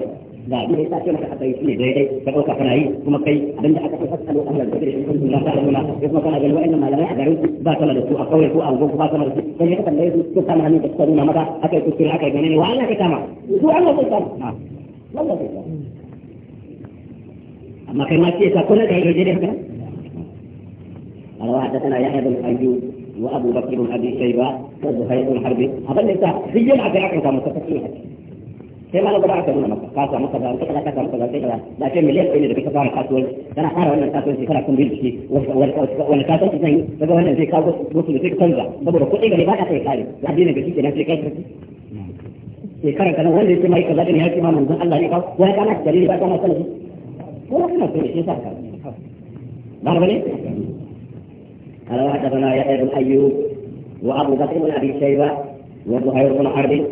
Speaker 1: da abin da ya sace maka akai shi ne daidai ka dauka kana yi kuma kai abinda aka fi fasalu Allah da kake kun la ta'lamuna ya kuma kana galwa inna malamai a garin ba kana da su a kauye ko a gonku ba kana da su sai ya kalle su ko kana ne da tsaruna maka akai kuskure akai gane ne wa Allah ka kama su Allah ka kama Allah ka kama amma kai ma ce ka kula da yaje da haka قال حدثنا يحيى بن ايوب وابو بكر بن ابي شيبه وزهير بن حرب هذا اللي انتهى في جمعة في عقل كان متفقين في ما لو بعثت من مكه قاسم مصطفى وكذا كذا وكذا وكذا لكن مليح بين ربيع صار قاتل انا حارة ان القاتل في فرق كبير شيء وان القاتل في زين فهو ان في قاتل مصطفى في كنزه فبرو كل اللي بعثت في قاتل لحدين في كذا في كذا في كذا كذا وين اللي سمعي كذا اللي هاي ما من ذن الله يقال وهذا ما تدري بعد ما تلاقي ولا كنا في شيء صار كذا قال حدثنا يحيى بن ايوب وابو بكر بن ابي شيبه وزهير بن حرب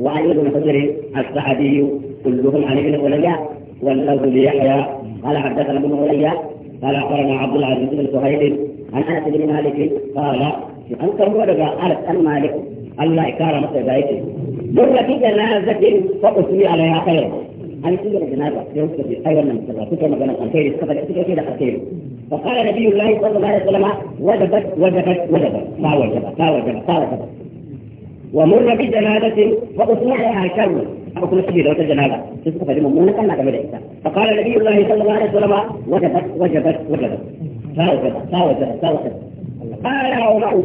Speaker 1: وعلي بن حجر السعدي كلهم عن ابن علي والفوز ليحيى قال حدثنا ابن علي قال اخبرنا عبد العزيز بن سهيل عن انس بن مالك قال انت مبارك على ان مالك الا اكرم سيدايك جرة جنازة فأسمي عليها خير أنا كل جنازة يوصل في أيوة من الجنازة كما كانت الخير كما كانت الخير فقال نبي الله صلى الله عليه وسلم وجبت وجبت وجبت ما وجبت ما وجبت ما وجبت ومر بجنازة وأصلحها شر أو كل شيء لو تجنازة تسقط في مؤمنة كما فقال نبي الله صلى الله عليه وسلم وجبت وجبت وجبت ما وجبت ما وجبت ما وجبت قال عمر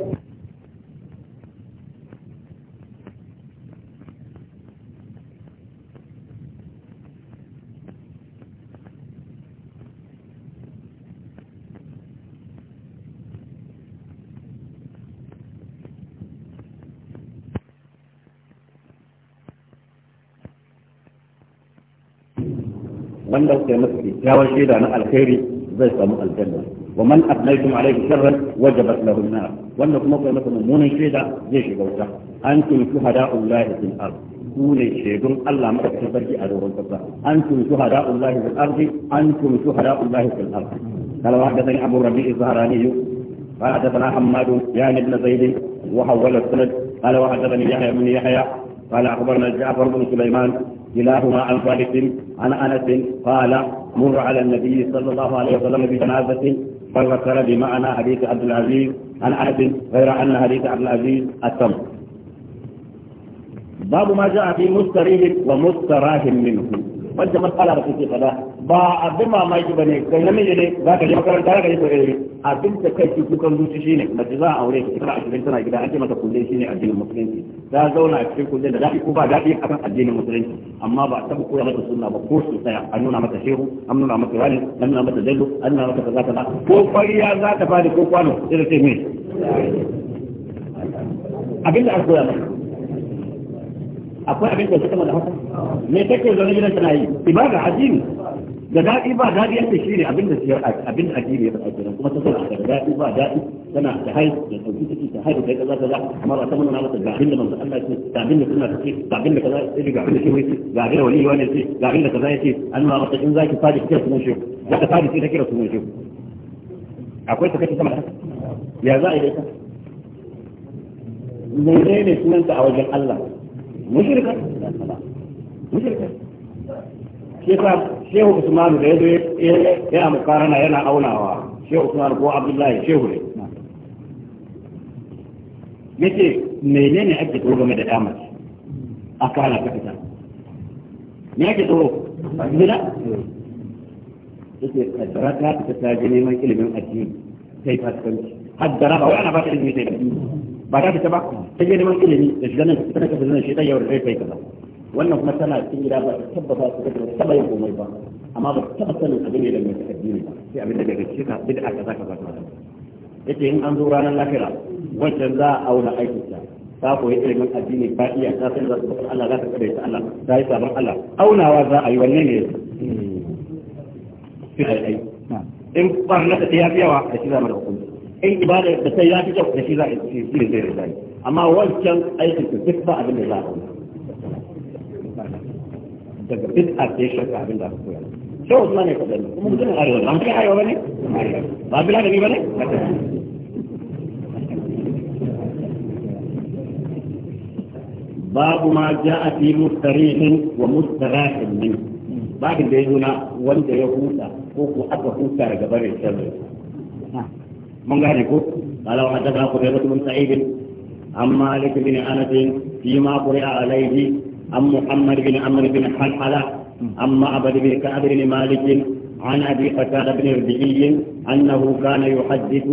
Speaker 1: من لو سيمت في جاوى الشيدة عن الخيري زي سامة الجنة ومن أبنيتم عليه شرا وجبت له النار وأن كما قلت من الشيدة جيش بوتا أنتم شهداء الله في الأرض دون الشيد الله ما تكتبك أدور الكبرى أنتم شهداء الله في الأرض أنتم شهداء الله في الأرض قال وحدثني أبو ربيع الزهراني قال حدثنا حماد يعني ابن زيد وحول السند قال وحدثني يحيى بن يحيى قال أخبرنا جعفر بن سليمان كلاهما عن صالح عن أنس قال مر على النبي صلى الله عليه وسلم بجنازة فذكر بمعنى حديث عبد العزيز عن أنس غير أن حديث عبد العزيز التمر باب ما جاء في مستريح ومستراح منه wanda matsala da kuke fada ba abin mamaki ba ne kai namiji ne za ka je makaranta za ka je koyarwa abin da kai kukan zuci shi ne mace za a aure ka kira ashirin tana gida an ce mata kullum shi ne addinin musulunci ta zauna a cikin kullum da daɗi ko ba daɗi akan addinin musulunci amma ba a taɓa koya mata sunna ba ko su tsaya an nuna mata shehu an nuna mata wani an nuna mata dallo an nuna mata kaza kaza ko kwariya za ta bada ko kwano sai da ce me abin da aka koya mata akwai abin da suka da haka me take zaune gidan tana yi ibada addini da daɗi ba daɗi yadda shi ne abin da siyar abin da addini ya faɗa kenan kuma ta zama da daɗi ba daɗi tana da hai da ɗauki ciki ta hai da kai kaza kaza amma ba ta nuna mata ga abin da manzo Allah ya ce ga abin da suna ce ga abin da kaza ya ce ga abin da shi ce ga abin da waliyi wani ce ga abin da kaza ya ce an nuna mata in zaki fadi kira sunan shi za ka fadi sai ta kira sunan shi akwai ta kace sama da haka ya za a yi da ita menene sunanta a wajen Allah mushrika mushrika shehu usmanu da yazo ya mukarana yana aunawa shehu usmanu ko abdullahi shehu ne yace menene ake tsoro game da damar a kana ka fita me ake tsoro zina yace kaddara ta fita ta je neman ilimin addini sai fasikanci haddara ba wani ba ta ilimi sai ba ta fita ba ta je neman ilimi da shiga nan ta ka shiga nan shi dan yawar kai kai kaza wannan kuma tana cikin gida ba tabbata su kace taba yin komai ba amma ba taba sanin abin da mai addini ba sai abin da daga cikin bid'a kaza kaza kaza yace in an zo ranar lahira wancan za a auna aikin ta ta koyi ilimin addini ba iya ta san za su bar Allah za ta kada ta Allah ta yi sabon Allah aunawa za a yi wanne ne sai ai in barna ta yafi yawa a shi zama da hukunci in ibada da sai ya fi kyau da shi za a yi shi zai rinda amma wancan aikin su duk ba abin da za a yi daga duk a ce shakka abin da aka koya shi wasu mana ya faɗa ne kuma mutumin arewa ba mutum arewa ba ne ba bila da ni ba ne babu ma ja'a fi mustarihin wa mustarahin min babin da ya zo na wanda ya huta ko ko aka huta daga barin sharri من غيركم قال وحدثنا قتيبة بن سعيد عن مالك بن أنس فيما قرئ عليه عن محمد بن عمرو بن حلحلة عن معبد بن كعب بن مالك عن أبي قتادة بن ربيعي أنه كان يحدث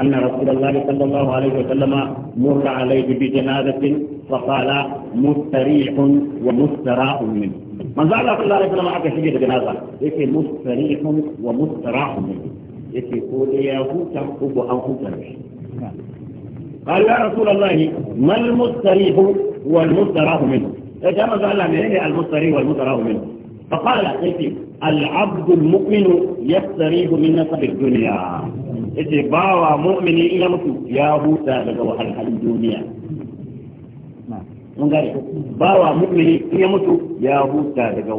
Speaker 1: أن رسول الله صلى الله عليه وسلم مر عليه بجنازة فقال مستريح ومستراح منه من زعل صلى الله عليه وسلم عكس جنازة يقول مستريح ومستراح منه yake ko da ya huta ko ba an huta shi قال يا رسول الله ما المستريح والمستراح منه يا ما قال ما المستريح والمستراح منه فقال يتي العبد المؤمن يستريح من نسب الدنيا يتي باوى مؤمن الى مسلم يا هوتا daga wahalhalin نعم. mun gare bawa mu'mini in ya ya huta daga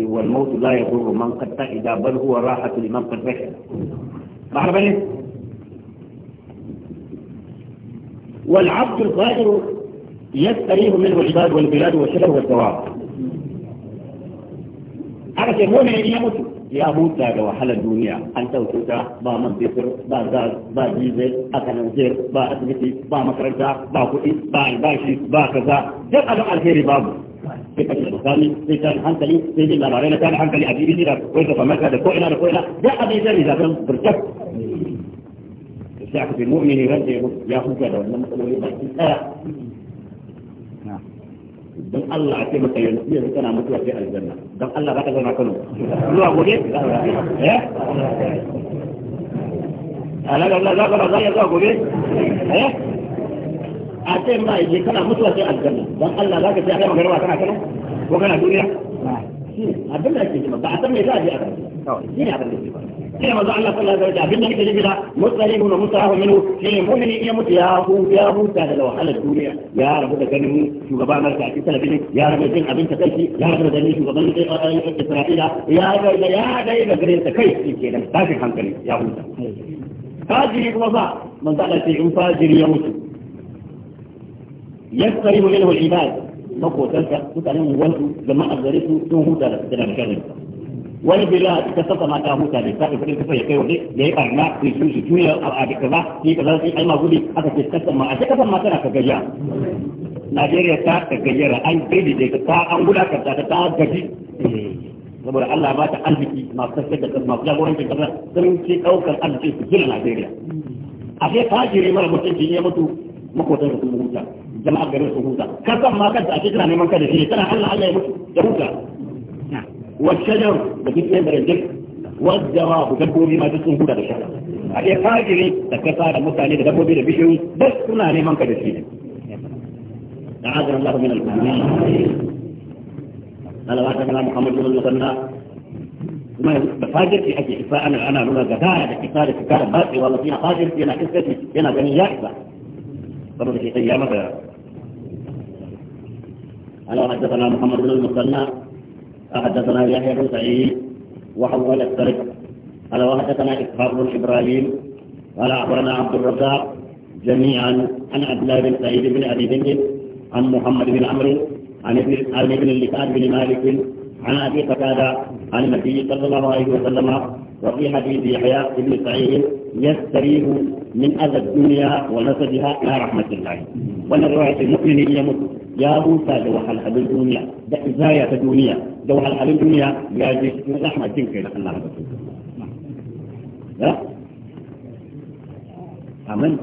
Speaker 1: والموت لا يضر من قد تعد بل هو راحة لمن قد رحل معنا بني والعبد القادر يستريح من العباد والبلاد والشجر والدواب هذا المؤمن ان يموت ya huta da wahalar duniya an ɗauke ta ba man fetur ba gas ba diesel aka nan ba asibiti ba makaranta ba kuɗi ba albashi ba kaza duk abin alheri babu sai kashe misali sai ta hankali sai jin labarai na ta hankali a bibi da ko da famaka da ko ina da ko ina duk abin zai zaben burkak sai aka fi mu'mini ran ya huta da wannan matsaloli ba ɗaya don Allah ce maka yanzu yanzu kana mutuwa sai aljanna don Allah za ka zauna Kano zuwa gobe eh alaga Allah za ka zauna zuwa gobe eh a ce ma yanzu kana mutuwa sai aljanna don Allah za ka ce a kai magana kana Kano ko kana duniya abin da ake ba a san me za a je a kan shi ne abin da ke ba كما ظن الله عز وجل بأن كل جبلة مسلم ومسلم منه في مؤمن يموت يا أخو يا أبو تعالى لو حل الدنيا يا رب تكلم شو غبار مرجع في سلبي يا رب تكلم أبن تكلم يا رب تكلم شو غبار مرجع في إسرائيل يا رب يا يا دعي بقرين تكيس في كلام تاجي خان كلام يا أبو تعالى فاجر الوضع من ظل في فاجر يموت يسترم منه العباد نقول تلك قلت عليهم وانتو جماعة ذريتو سنهو تلك تلك تلك تلك تلك wani bai la ta saka mata huta ne sai kudin kafa ya kai wani da ya karna sai su su tuya a da kaza sai kaza sai alma magudi aka ce kasan ma a ce kasan ma tana ka gajiya Najeriya ta ka gajiyar an gidi da ta an gudakar ta ta gaji saboda Allah ba ta arziki masu tafiyar da kasa masu jagorancin kasa sun ce daukar arziki su gina Najeriya a sai fajiri mara mutunci ya mutu makotan sun huta jama'a garin su huta kasan ma kanta a cikin neman kada shi tana Allah Allah ya mutu ya huta والشجر بكتير إيه من الجبل والزراب تبقوا بما تسنقوا هذا الشجر أي فاجري تكسار المسالي تبقوا بنا بشيء بس كنا عليه من قد الشيء تعاذر الله من المؤمنين انا الله تعالى محمد بن الله عليه وسلم بفاجر في حكي إفاء أن أنا لولا زكاة الإفاء في كارب باقي والله فينا فاجر فينا كسكة فينا جميع يحفى فرد في قيامة على رجلنا محمد بن المسلم حدثنا يحيى بن سعيد وحول السرد قال وحدثنا اسحاق بن ابراهيم قال اخبرنا عبد الرزاق جميعا عن عبد الله بن سعيد بن ابي بن عن محمد بن عمرو عن ابن عن ابن اللسان بن مالك عن ابي قتاده عن النبي صلى الله عليه وسلم وفي حديث يحيى بن سعيد يستريح من أذى الدنيا ونسبها إلى رحمة الله وأن رواية المؤمن يموت يا موسى لو حل حل الدنيا ده إزاية الدنيا لو حل حل الدنيا يا جيش رحمة جنك إلى الله لا أمن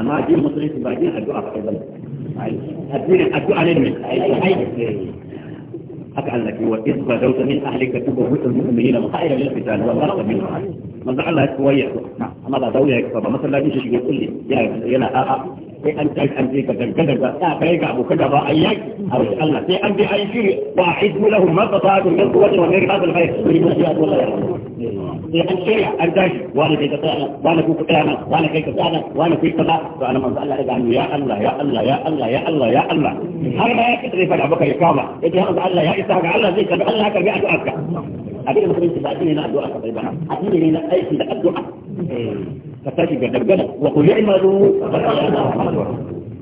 Speaker 1: أما أجيب مصرية بعدين أدعى في الدنيا أدعى للمسائل أفعل لك وإذ خرجت من أهلك تبوء المؤمنين مقاعد للقتال وضرب من الله من ضع الله كوية ما ضع دولة كفر مثلا لا يجيش يقول لي يا يا لا آه، آه. إيه أنت إيه أنت إيه كذا كذا كذا أبيك أبو أو سأل الله أن بأي شيء واحد له ما تطاعك من قوة ومن هذا الخير من مسيات ولا يرحم أن شيء أن تاج وأنا في تطاعنا وأنا في تطاعنا وأنا يا تطاعنا وأنا في تطاعنا فأنا من الله إذا يا الله يا الله يا الله يا الله يا الله هذا ما يكتري فجأة بك يا كامل إذا الله يا ta ga Allah zai karbi Allah karbi addu'a ka abin da mutum ba shine na addu'a ka bai ba addini ne na aiki da addu'a ka tashi ga dangana wa qul i'malu fa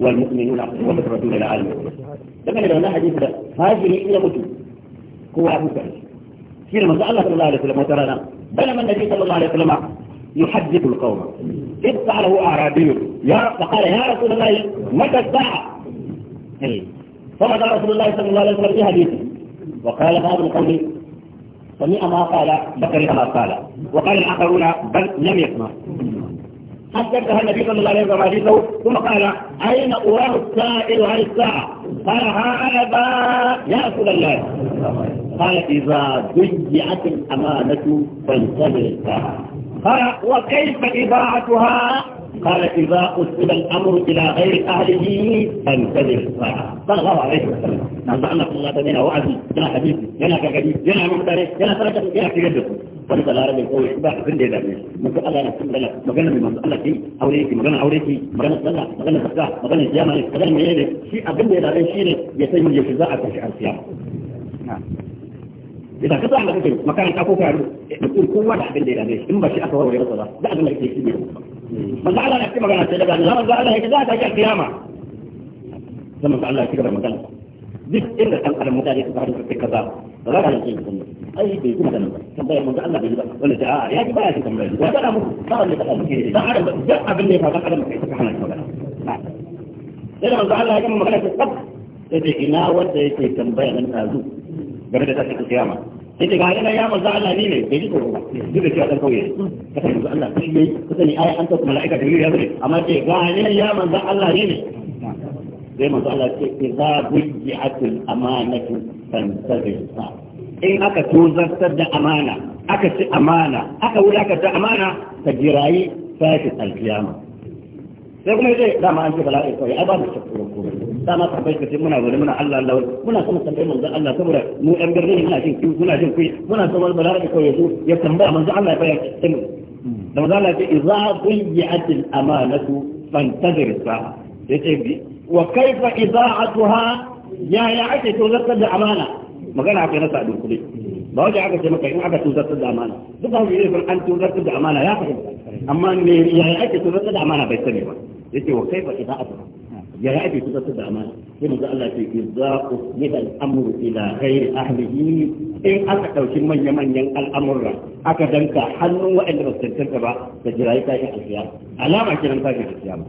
Speaker 1: wal mu'minuna wa tatratu ila alim daga da wannan hadisi da hajiri ina mutu kowa abu ka shi ne manzo Allah sallallahu alaihi wasallam wata rana bala man nabi sallallahu alaihi wasallam يحدث القوم إذ سأله أعرابي يا فقال يا رسول الله متى الساعة فمدى رسول الله صلى الله عليه وسلم في حديثه وقال بعض القوم سمع ما قال بكر ما قال وقال الآخرون بل لم يسمع حدثها النبي صلى الله عليه وسلم ثم قال أين أراه السائل عن الساعة قال هذا يا رسول الله قال إذا ضيعت الأمانة فانتظر الساعة قال وكيف إضاعتها قال إذا أسئل الأمر إلى غير أهله فانتظر الساعة صلى الله عليه وسلم نزعنا في الله تبين وعدي جنا حديث جنا كقديم جنا مختار جنا سرقة جنا كجدك ولد لا رب القوي إباح في الليل أبيه مثل الله نسمى لنا مجانا من مسألة كي أوليك مجانا أوليك مجانا صلى مجانا صلى مجانا سيامة مجانا ميلة شيء أبن ليلة غير شيء يسمي الجزاء تشعر سيامة نعم idan ka tsaya da kake makaran ka ko ka rubuta kowa da abin da ya dame manzo Allah ya ce magana daga nan manzo Allah ya ce za ta kai kiyama manzo Allah ya magana duk inda kan kaza ba za ka cikin ai bai kuma ba manzo Allah bai yi ba wanda ta ya ji baya cikin ba wanda adam abin da ya faɗa adam kai hana magana manzo Allah ya magana ina wanda yake tambaya nan dazu game da tashin kiyama yace ga yana ya manzo Allah ne bai ji ba duk da cewa dan kauye ka sani manzo Allah ka sani ai an tsaka malaika da ya zure amma ce ga ya manzo Allah ne ne manzo Allah ce amanatu in aka tozartar da amana aka ci amana aka amana ka jirayi sai alkiyama sai kuma yace dama an ce bala'i sai ai ba mu tsoro dama ka bai kace muna zaune muna Allah Allah muna kuma tambayar manzon Allah saboda mu ɗan birni muna jin kiyu muna jin kuyi muna so wani balarabe kawai su ya tambaya manzon Allah ya bayyana kin da manzon Allah ya ce idza dhiyat al amanatu fantazir sa'a yace bi wa kaifa idaa'atuha ya ya ake to zartar da amana magana akai na sa'adun kudi ba wajen aka ce maka in aka tuzartar da amana duk da hujjai sun an tuzartar da amana ya fahimta amma ne yaya ake tuzartar da amana bai sani ba yace wa kaifa idaa'atuha ya yi ake kusa da amana sai manzo Allah ce ki za ku yi al'amuru ila ghairi ahlihi in aka dauki manya manyan al'amura aka danka hannun waɗanda ba su tantance ba da jirayi tashin alkiyama alama kiran tashin alkiyama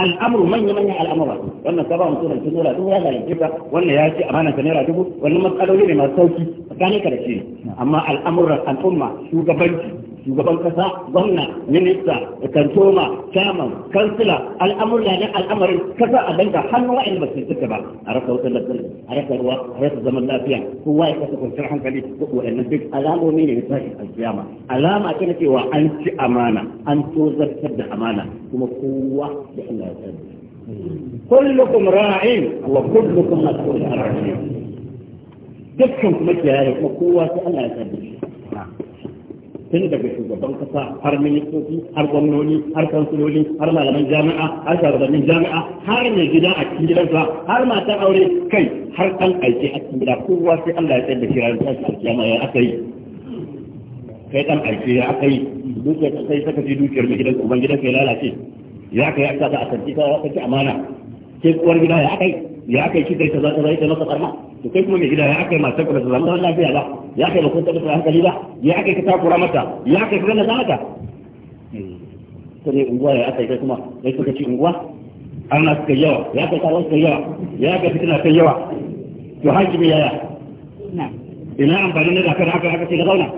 Speaker 1: al'amuru manya manyan al'amura wannan sabon mutum mu sunan cin naira dubu ya zalunce ka wannan ya ce amana ta naira dubu wannan matsaloli ne masu sauki tsakanin ka da shi amma al'amuran al'umma shugabanci shugaban kasa gwamna minista kantoma chairman kansila al'amurra ne al'amarin kasa a danga hannu wa'in ba su suka ba a rasa wutar da lantarki a rasa ruwa a rasa zaman lafiya kowa ya kasa kwanciyar hankali ko wa'annan duk alamomi ne na tashin alkiyama alama ta na cewa an ci amana an tozartar da amana kuma kowa da Allah ya
Speaker 2: tsare
Speaker 1: kullukum ra'in wa kullukum mas'ulun an ra'iyatihi dukkan kuma kiyaye kuma kowa sai Allah ya tsare tun daga shugaban kasa har ministoci har gwamnoni har kansuloli har malaman jami'a har shugabannin jami'a har mai gida a cikin gidansa har matan aure kai har an aiki a cikin gida kowa sai Allah ya tsaye da shi a tashin alkiyama ya aka yi kai dan aiki ya aka yi dukiyar ka sai saka ji dukiyar mai gidan uban gidan ya lalace ya kai aka ta a tanti ta ya kace amana ke kuwar gida ya aka yi ya kai ta kaza zai ta masa karma to kai kuma mai gida ya kai matar ka zama da lafiya ba ya kai bakon ta da hankali ba ya kai ka takura mata ya kai ka gaza mata to ne unguwa ya kai kuma kai kuka ci unguwa an na suka yawa ya kai kawo suka yawa ya kai fitina kai yawa to haji mai yaya ina amfani da kan haka haka ce ka zauna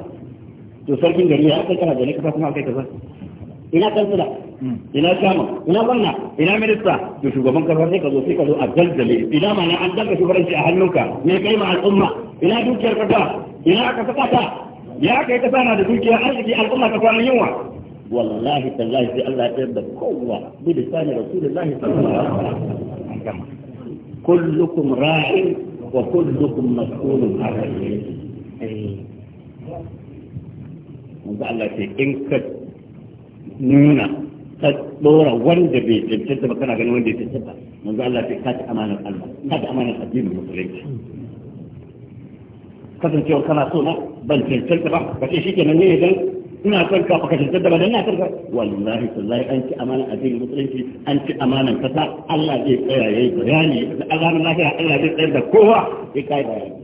Speaker 1: to sarkin gari ya kai kana da ne kafa kuma kai kaza ina kansila hmm. ina shama ina gwamna ina minista to shugaban kasar ne ka zo sai ka zo a daldale ina ma na an danka shugabanci a hannunka ne kai ma al'umma ina dukiyar kasa ina aka saka ta ya kai kasa na da dukiyar arziki al'umma ka kwanan yunwa wallahi tallahi sai Allah ya yarda kowa bi da sani rasulullahi sallallahu alaihi wasallam kullukum ra'in wa kullukum mas'ulun an ra'iyatihi eh. manzo Allah ce in ka nuna ta dora wanda bai cancanta ba kana ganin wanda ya cancanta manzo Allah sai ka amanar Allah ka ta amanar addinin musulunci kasancewar kana so na ban cancanta ba ba ce shikenan ne idan ina son ka baka cancanta ba dan na karka wallahi sallahi an ci amanan addinin musulunci an ci amanar kasa Allah zai tsaya yayi bayani da azan lafiya Allah zai tsaya da kowa ya kai bayani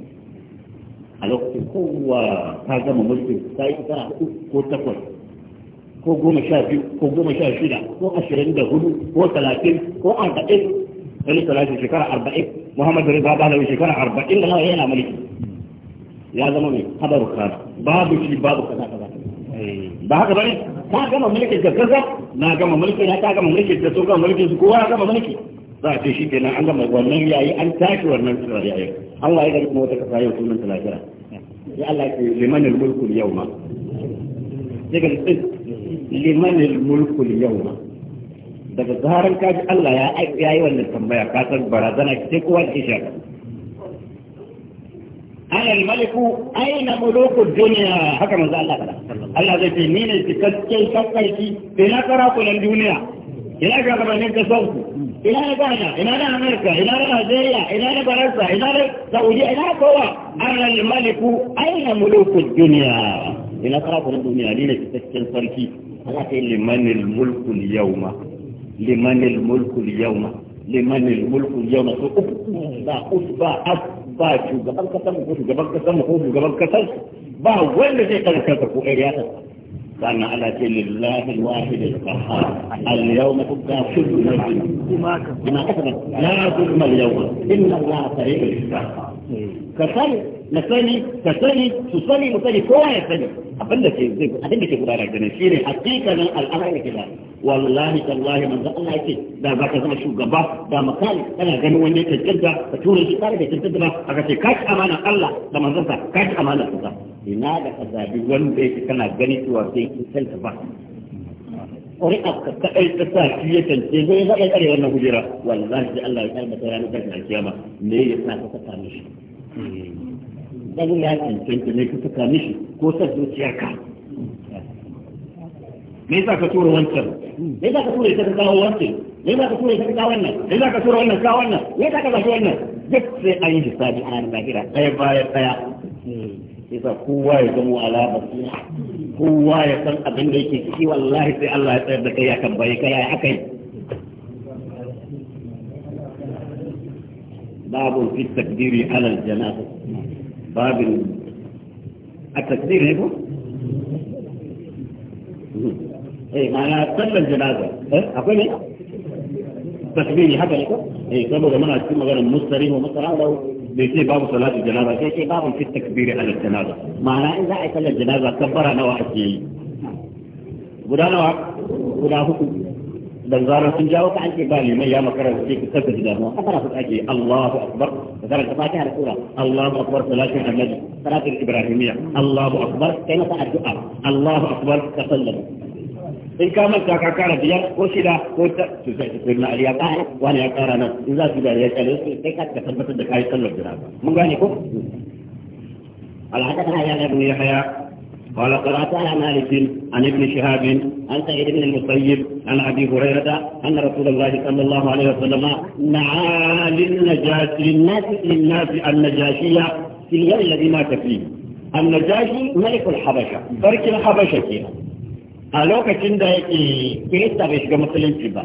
Speaker 1: a lokacin kowa ta gama mulkin sai ta ko takwas ko goma sha biyu ko goma sha shida ko ashirin da hudu ko talatin ko arba'in wani talatin shekara arba'in muhammadu riba balawi shekara arba'in da nawa yana mulki ya zama mai habaru kana babu shi babu kaza kaza ba haka bane ta gama mulkin gaggaza na gama mulki na ta gama mulki da so gama mulki su kowa ya gama mulki za a ce shi kenan an gama wannan yayi an tashi wannan tsari yayi an waye da kuma wata kasa yau sunan talakira ya Allah ke liman al-mulku al-yawma daga liman mulku yawma daga zaharan kaji Allah ya yayi wannan tambaya ka san barazana sai kowa ke shaka ana almaliku aina muluku duniya haka manzo Allah kada Allah zai ce ni ne cikakken sarki ina kara ku nan duniya ina ga gabanin ka sauku ina na Ghana ina na Amerika ina na Nigeria ina na Faransa ina na Saudi ina kowa ana almaliku aina muluku duniya ina sarakunan duniya ni ne cikakken sarki ana kai limanil mulkul yauma limanil mulkul yauma limanil mulkul yauma to uku ba uku ba as ba shugaban kasar ko shugaban kasar ko shugaban kasar ba wanda zai kare kansa ko ɗaya ya كان على دين الله الواحد القهار اليوم تبقى كل نفس بما كسبت لا ظلم اليوم ان الله سريع الحساب ka sani na sani ka sani su sani mu sani ko ya sani abinda ke zai abinda ke gudana ganin shi ne hakikanin al'amari ke wallahi tallahi manzo Allah yake da za ka zama shugaba da makali kana ganin wani yake kirda ka tura shi kare da kirda ba aka ce ka ci amana Allah da manzon ka ci amana ka ina da kazabi wanda yake kana gani cewa sai kin ba ورقق تقل تساكية الجزء يزال الأري وأنه جرى والله جاء الله يقال مثلا نبرك على الكيامة ليه يسنع تتكامش لأنه لا يسنع أنت ليه تتكامش كوسف دو تياكا ليه كتور وانتر ليه كتور يسنع كتاه وانتر ليه كتور يسنع كتاه وانتر ليه كتور وانتر كتاه وانتر ليه كتاه وانتر جسر أي جسر أنا نبرك على الكيامة أي باية yasa kowa ya zama ala basira kowa ya san abin da yake ciki wallahi sai Allah ya tsayar da kai akan bai akai babu fi takdiri ala janaza babu a takdiri ne ko eh mana eh akwai ne takdiri haka ne ko eh saboda muna cikin maganar da بيتي باب صلاة الجنازة بيتي باب في التكبير على الجنازة ما أنا إذا أتلى الجنازة كبر أنا واحد جيلي ودا نوع ودا حكم دنزارة سنجاوك عن جبالي ما ياما كرر فيك تكبر جنازة أبرا فتأجي الله أكبر وذلك الفاتحة الأولى الله أكبر صلاة النبي صلاة الإبراهيمية الله أكبر كيف تأجي الله أكبر تسلم إن ka manta ka kara biyar ko shida ko وانا to sai إذا kuma aliya kare wani ya kara nan in za su da ya kare su sai عن ابن يحيى قال قرات على مالك عن ابن شهاب عن سعيد بن المسيب عن ابي هريره ان رسول الله صلى الله عليه وسلم نعى للنجاش للناس للناس النجاشيه في اليوم الذي مات فيه النجاشي ملك الحبشه ملك الحبشه فيها a lokacin da yake kirista bai shiga musulunci ba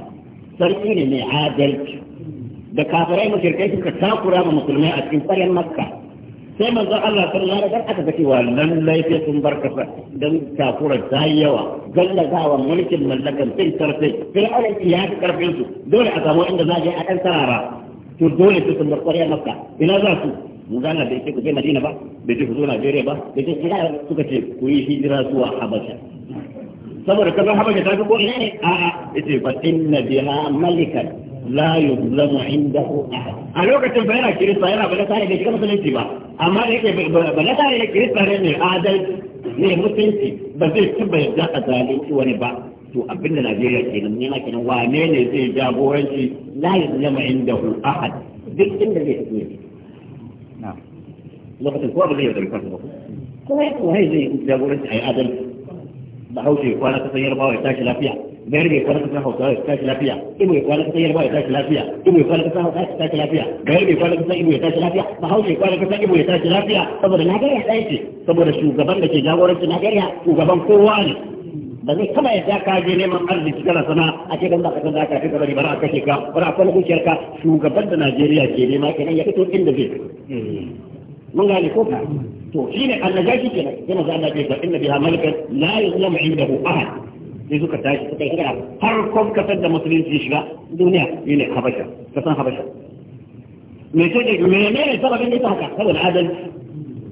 Speaker 1: sarki ne mai adalci da kafirai mushrikai suka takura ma musulmai a cikin tsarin makka sai manzon Allah sallallahu alaihi wasallam aka ga wannan laifi sun bar kasa dan takura ta yawa gallazawa mulkin mallakan sun tarfe, sai aure ya fi karfin su dole a samu inda za a je a dan sarara to dole su sun bar tsarin makka ina za su mun gana da ce ku je Madina ba bai ji ku zo Najeriya ba bai ji kira suka ce ku yi hijira zuwa Habasha saboda ka zan habaka tafi ko ina ne a'a yace fa inna biha malikan la yuzlamu indahu ahad a lokacin fa yana kirista yana ba nasara da kuma musulunci ba amma da yake ba nasara da kirista ne mai adalci ne mutunci ba zai taba yadda a zalunci wani ba to abinda Najeriya kenan ne ma kenan wane ne zai jagoranci la yuzlamu indahu ahad duk inda zai tafi na'am lokacin ko ba zai yadda ba ko kuma zai jagoranci ai adalci bahaushe ya kwana kasan yarbawa ya tashi lafiya bayar bai kwana kasan hausawa ya tashi lafiya ibo ya kwana kasan yarbawa ya tashi lafiya ibo ya kwana kasan hausawa ya tashi lafiya bayar bai kwana kasan ibo ya tashi lafiya bahaushe ya kwana kasan ibo ya tashi lafiya saboda Najeriya ɗaya ce saboda shugaban da ke jagorancin Najeriya shugaban kowa ne ba zai kama yadda ka je neman arziki kana sana a ce dan ba ka san da ka fita bari bara a kashe ka bara a kwana kuciyar ka shugaban da Najeriya ke nema kenan ya fito inda zai من قال يكون تو حين النجاشي كذا كما قال النبي صلى الله عليه وسلم بها لا يظلم عنده احد يزو كتاج كتاج هر كوم كتاج المسلمين في شغا دنيا هنا حبشة كتاج حبشة من تجد من من سبب اللي تهكا هو العدل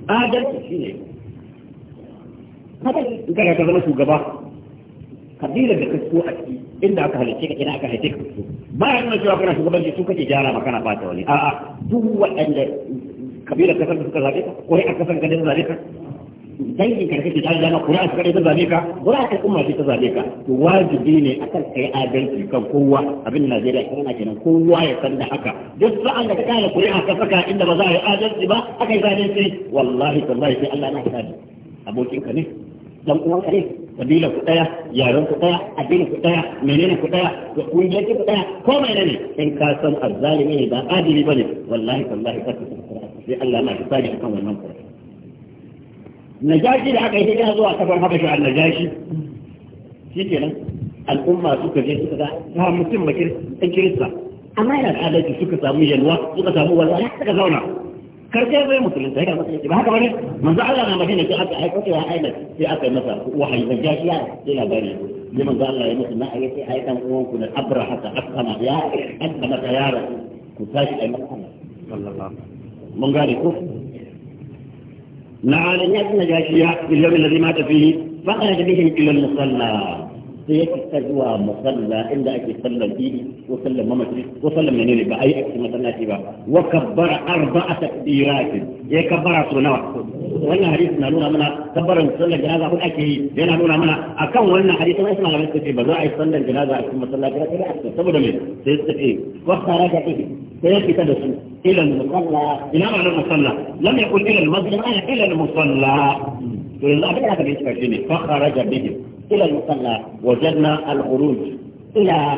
Speaker 1: عدل هنا هذا كذا كذا مسوق بقى kabila da kasu a ciki inda aka halice ka kina aka halice ka kasu bayan nan cewa kana shugabanci su kake gyara maka na fata wani a'a duk waɗanda kabilar kasar da suka zaɓe ka ƙuri'ar kasar ka da zaɓe ka dangin ka da kake tare da na ƙuri'ar ka da zaɓe ka ƙuri'ar al'umma ce ta zaɓe ka to wajibi ne a kan kai adalci kan kowa abin da Najeriya kan ana kenan kowa ya san da haka duk sa'an da ka kana ƙuri'a ka saka inda ba za a yi adalci ba aka yi zalunci wallahi tallahi sai Allah na hisabi abokin ka ne dan uwan kare kabila ku daya yaran ku daya addini ku daya menene ku daya ku kungiyar ku daya ko menene in ka san azzalimi ne ba adili bane wallahi wallahi ka ku sai Allah ma ya sani akan wannan ku najashi da aka yi ta zuwa kafar habashi al najashi shikenan al'umma suka je suka ga ta mutum ba kirista amma yana da adalci suka samu yalwa suka samu walwala suka zauna كرتين غير مسلم هيك المسلم يبقى هكذا بني من زعل على مدينة في أكل هيك في أحيان في أكل مثلا وحي من جاش إلى بني لمن زعل على مسلم ما هي في أحيان وهم كنا أبرة حتى أبقى مهيا أبقى مهيا كتاش إلى مدينة من قال يكف نعالي نعالي نجاشي اليوم الذي مات فيه فقال جميعهم إلى المصلى sai ya fita zuwa masalla inda ake sallar idi ko sallar mamaci ko sallar menene ba ai ake masallaci ba wa kabbara arba'a takbirat ya kabbara so nawa wannan hadisi na nuna mana kabbaran sallar janaza ko ake yi yana nuna mana akan wannan hadisi mai sunan suka ce ba za a yi sallar janaza a cikin masallaci ba sai saboda me sai suka ce wa kharaja ihi sai ya fita da su ila al-musalla ila al-musalla lam yakun ila al-masjid ila al-musalla to yanzu abin da aka bi shi ne fa kharaja bihi إلى المصلى وجدنا الخروج إلى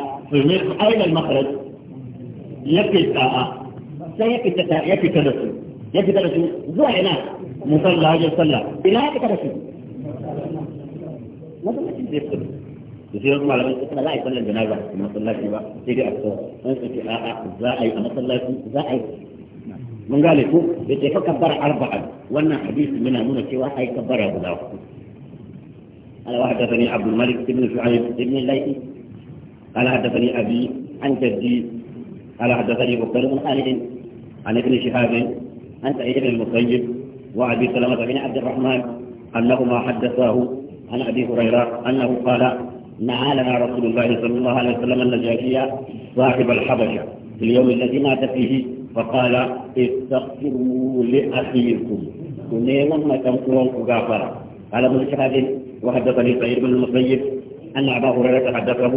Speaker 1: أين المخرج؟ يكفي ساعة سيكفي يكفي الرسول يكفي تدرسوا زوا هنا مصلى هذا المصلى إلى هذا تدرسوا ما تدرسوا يصير ما لما يقول لا يصلي الجنازة في مصلاتي لا تيجي أكثر أنت لا أنا صلاتي زاي من قال يقول يتكبر أربعة وأنا حديث منها من الشواء هيكبرها بلا وقت قال وحدثني عبد الملك بن شعيب بن الليثي قال حدثني أبي عن جدي قال حدثني بكر بن خالد عن ابن شهاب عن سعيد بن المسيب وأبي سلمة بن عبد الرحمن أنهما حدثاه عن أبي هريرة أنه قال نعالنا رسول الله صلى الله عليه وسلم النجاشية صاحب الحبشة في اليوم الذي مات فيه فقال استغفروا لأخيكم ونيما ما تنقلون قال ابن شهاب وحدثني سعيد بن المسيب أن أبا هريرة حدثه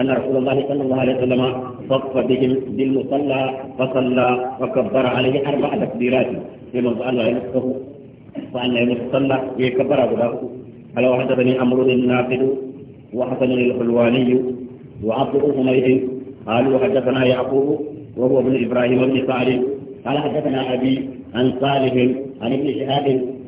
Speaker 1: أن رسول الله صلى الله عليه وسلم صف بهم بالمصلى فصلى وكبر عليه أربع تكبيرات لمن قال لا يمسه وأن صلى يكبر أبو داود قال وحدثني أمر النافذ وحسن الحلواني وعبد حميد قالوا وحدثنا يعقوب وهو ابن إبراهيم بن سعد قال حدثنا أبي عن صالح عن ابن شهاب